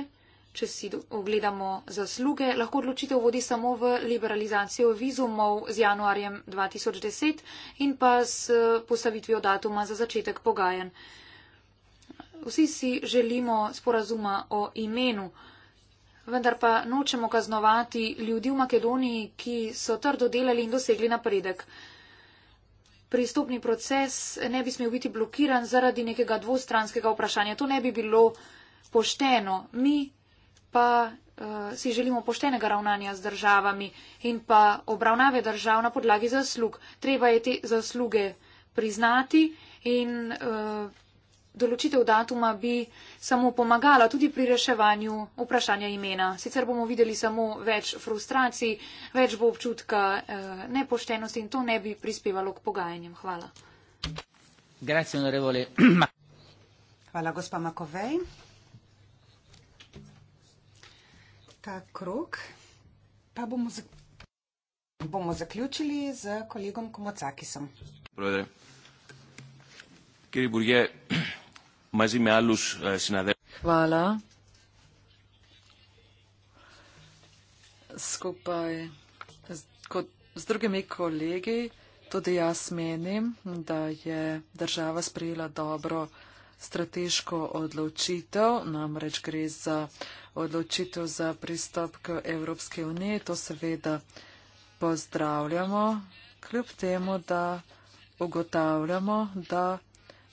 če si ogledamo zasluge, lahko odločitev vodi samo v liberalizacijo vizumov z januarjem 2010 in pa s postavitvijo datuma za začetek pogajanj. Vsi si želimo sporazuma o imenu, vendar pa nočemo kaznovati ljudi v Makedoniji, ki so trdo delali in dosegli napredek. Pristopni proces ne bi smel biti blokiran zaradi nekega dvostranskega vprašanja. To ne bi bilo pošteno. Mi pa uh, si želimo poštenega ravnanja z državami in pa obravnave držav na podlagi zaslug. Treba je te zasluge priznati in. Uh, določitev datuma bi samo pomagala tudi pri reševanju vprašanja imena. Sicer bomo videli samo več frustracij, več bo občutka eh, nepoštenosti in to ne bi prispevalo k pogajanjem. Hvala. Hvala, gospa Makovej. Ta krok pa bomo, za, bomo zaključili z kolegom Komocakisom. Prvede. Kjeri burje, μαζί με άλλους συναδέλφους. Χβάλα. Σκουπάι. S drugimi kolegi tudi jaz menim, da je država sprejela dobro strateško odločitev, namreč gre za odločitev za pristop k Evropske unije. To seveda pozdravljamo, kljub temu, da ugotavljamo, da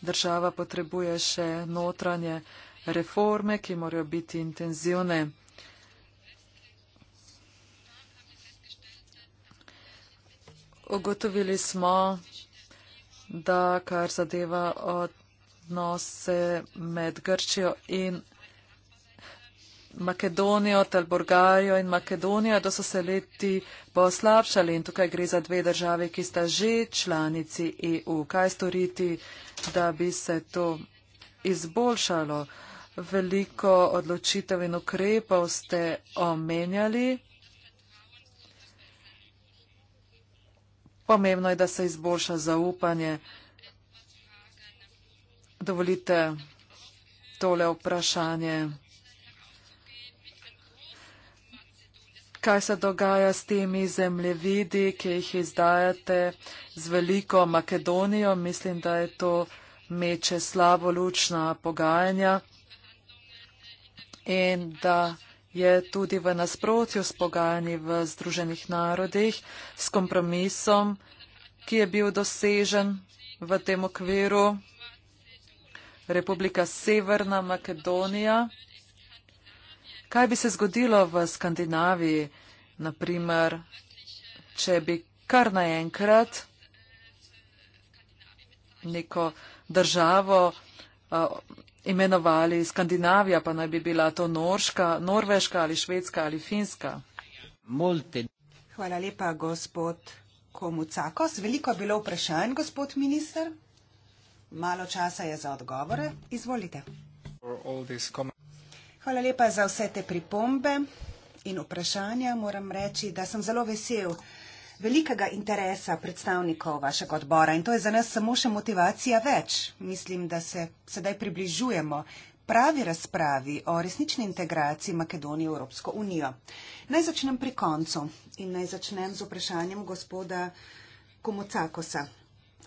Država potrebuje še notranje reforme, ki morajo biti intenzivne. Ugotovili smo, da kar zadeva odnose med Grčijo in Grčijo, Makedonijo ter Bolgarijo in Makedonijo, da so se leti poslabšali in tukaj gre za dve države, ki sta že članici EU. Kaj storiti, da bi se to izboljšalo? Veliko odločitev in ukrepov ste omenjali. Pomembno je, da se izboljša zaupanje. Dovolite tole vprašanje. kaj se dogaja s temi zemljevidi, ki jih izdajate z veliko Makedonijo. Mislim, da je to meče slabo lučna pogajanja in da je tudi v nasprotju s pogajanji v Združenih narodih, s kompromisom, ki je bil dosežen v tem okviru. Republika Severna Makedonija. Kaj bi se zgodilo v Skandinaviji, naprimer, če bi kar naenkrat neko državo uh, imenovali Skandinavija, pa naj bi bila to Norška, Norveška ali Švedska ali Finska? Hvala lepa, gospod Komucakos. Veliko je bilo vprašanj, gospod minister. Malo časa je za odgovore. Izvolite. Hvala lepa za vse te pripombe in vprašanja. Moram reči, da sem zelo vesel velikega interesa predstavnikov vašega odbora in to je za nas samo še motivacija več. Mislim, da se sedaj približujemo pravi razpravi o resnični integraciji Makedonije v Evropsko unijo. Naj začnem pri koncu in naj začnem z vprašanjem gospoda Komocakosa.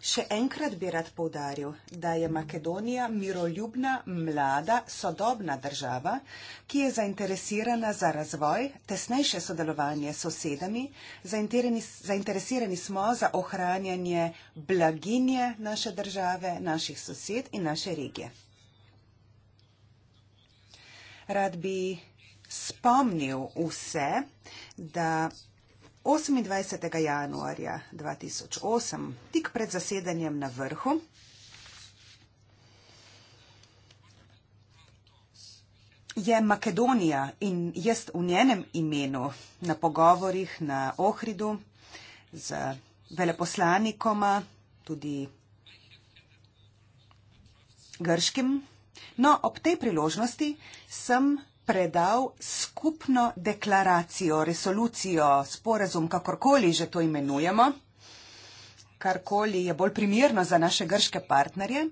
Še enkrat bi rad povdaril, da je Makedonija miroljubna, mlada, sodobna država, ki je zainteresirana za razvoj, tesnejše sodelovanje s sosedami, zainteresirani, zainteresirani smo za ohranjanje blaginje naše države, naših sosed in naše regije. Rad bi spomnil vse, da 28. januarja 2008, tik pred zasedanjem na vrhu, je Makedonija in jaz v njenem imenu na pogovorih na Ohridu z veleposlanikoma, tudi grškim. No, ob tej priložnosti sem predal skupno deklaracijo, resolucijo, sporazum, kakorkoli že to imenujemo, karkoli je bolj primirno za naše grške partnerje,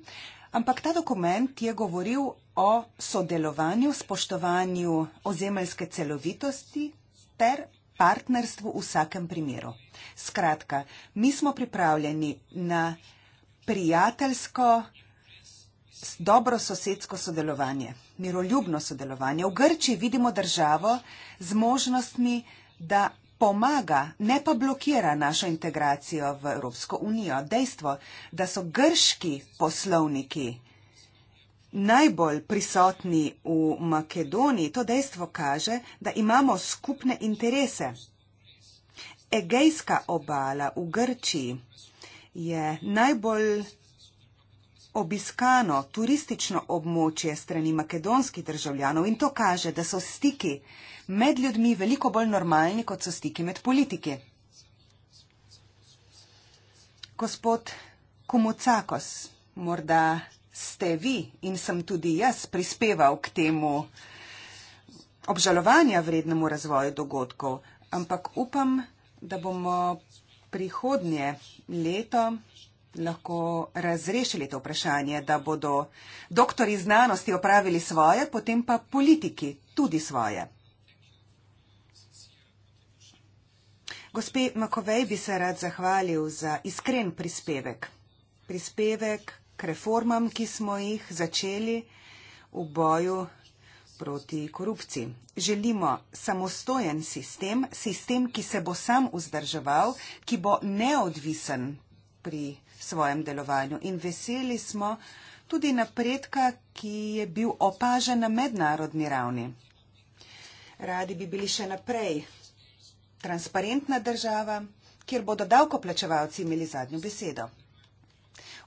ampak ta dokument je govoril o sodelovanju, spoštovanju ozemeljske celovitosti ter partnerstvu v vsakem primeru. Skratka, mi smo pripravljeni na prijateljsko, dobro sosedsko sodelovanje, miroljubno sodelovanje. V Grčiji vidimo državo z možnostmi, da pomaga, ne pa blokira našo integracijo v Evropsko unijo. Dejstvo, da so grški poslovniki najbolj prisotni v Makedoniji, to dejstvo kaže, da imamo skupne interese. Egejska obala v Grčiji je najbolj obiskano turistično območje strani makedonskih državljanov in to kaže, da so stiki med ljudmi veliko bolj normalni, kot so stiki med politiki. Gospod Kumucakos, morda ste vi in sem tudi jaz prispeval k temu obžalovanja vrednemu razvoju dogodkov, ampak upam, da bomo prihodnje leto lahko razrešili to vprašanje, da bodo doktori znanosti opravili svoje, potem pa politiki tudi svoje. Gospe Makovej bi se rad zahvalil za iskren prispevek. Prispevek k reformam, ki smo jih začeli v boju proti korupciji. Želimo samostojen sistem, sistem, ki se bo sam vzdrževal, ki bo neodvisen pri korupciji v svojem delovanju in veseli smo tudi napredka, ki je bil opažen na mednarodni ravni. Radi bi bili še naprej transparentna država, kjer bodo davkoplačevalci imeli zadnjo besedo.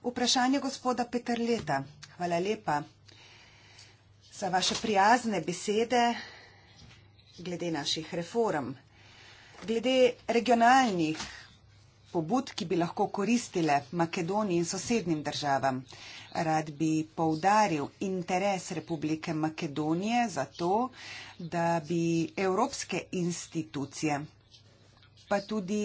Vprašanje gospoda Petrleta. Hvala lepa za vaše prijazne besede glede naših reform. Glede regionalnih pobud, ki bi lahko koristile Makedoniji in sosednjim državam. Rad bi poudaril interes Republike Makedonije za to, da bi evropske institucije pa tudi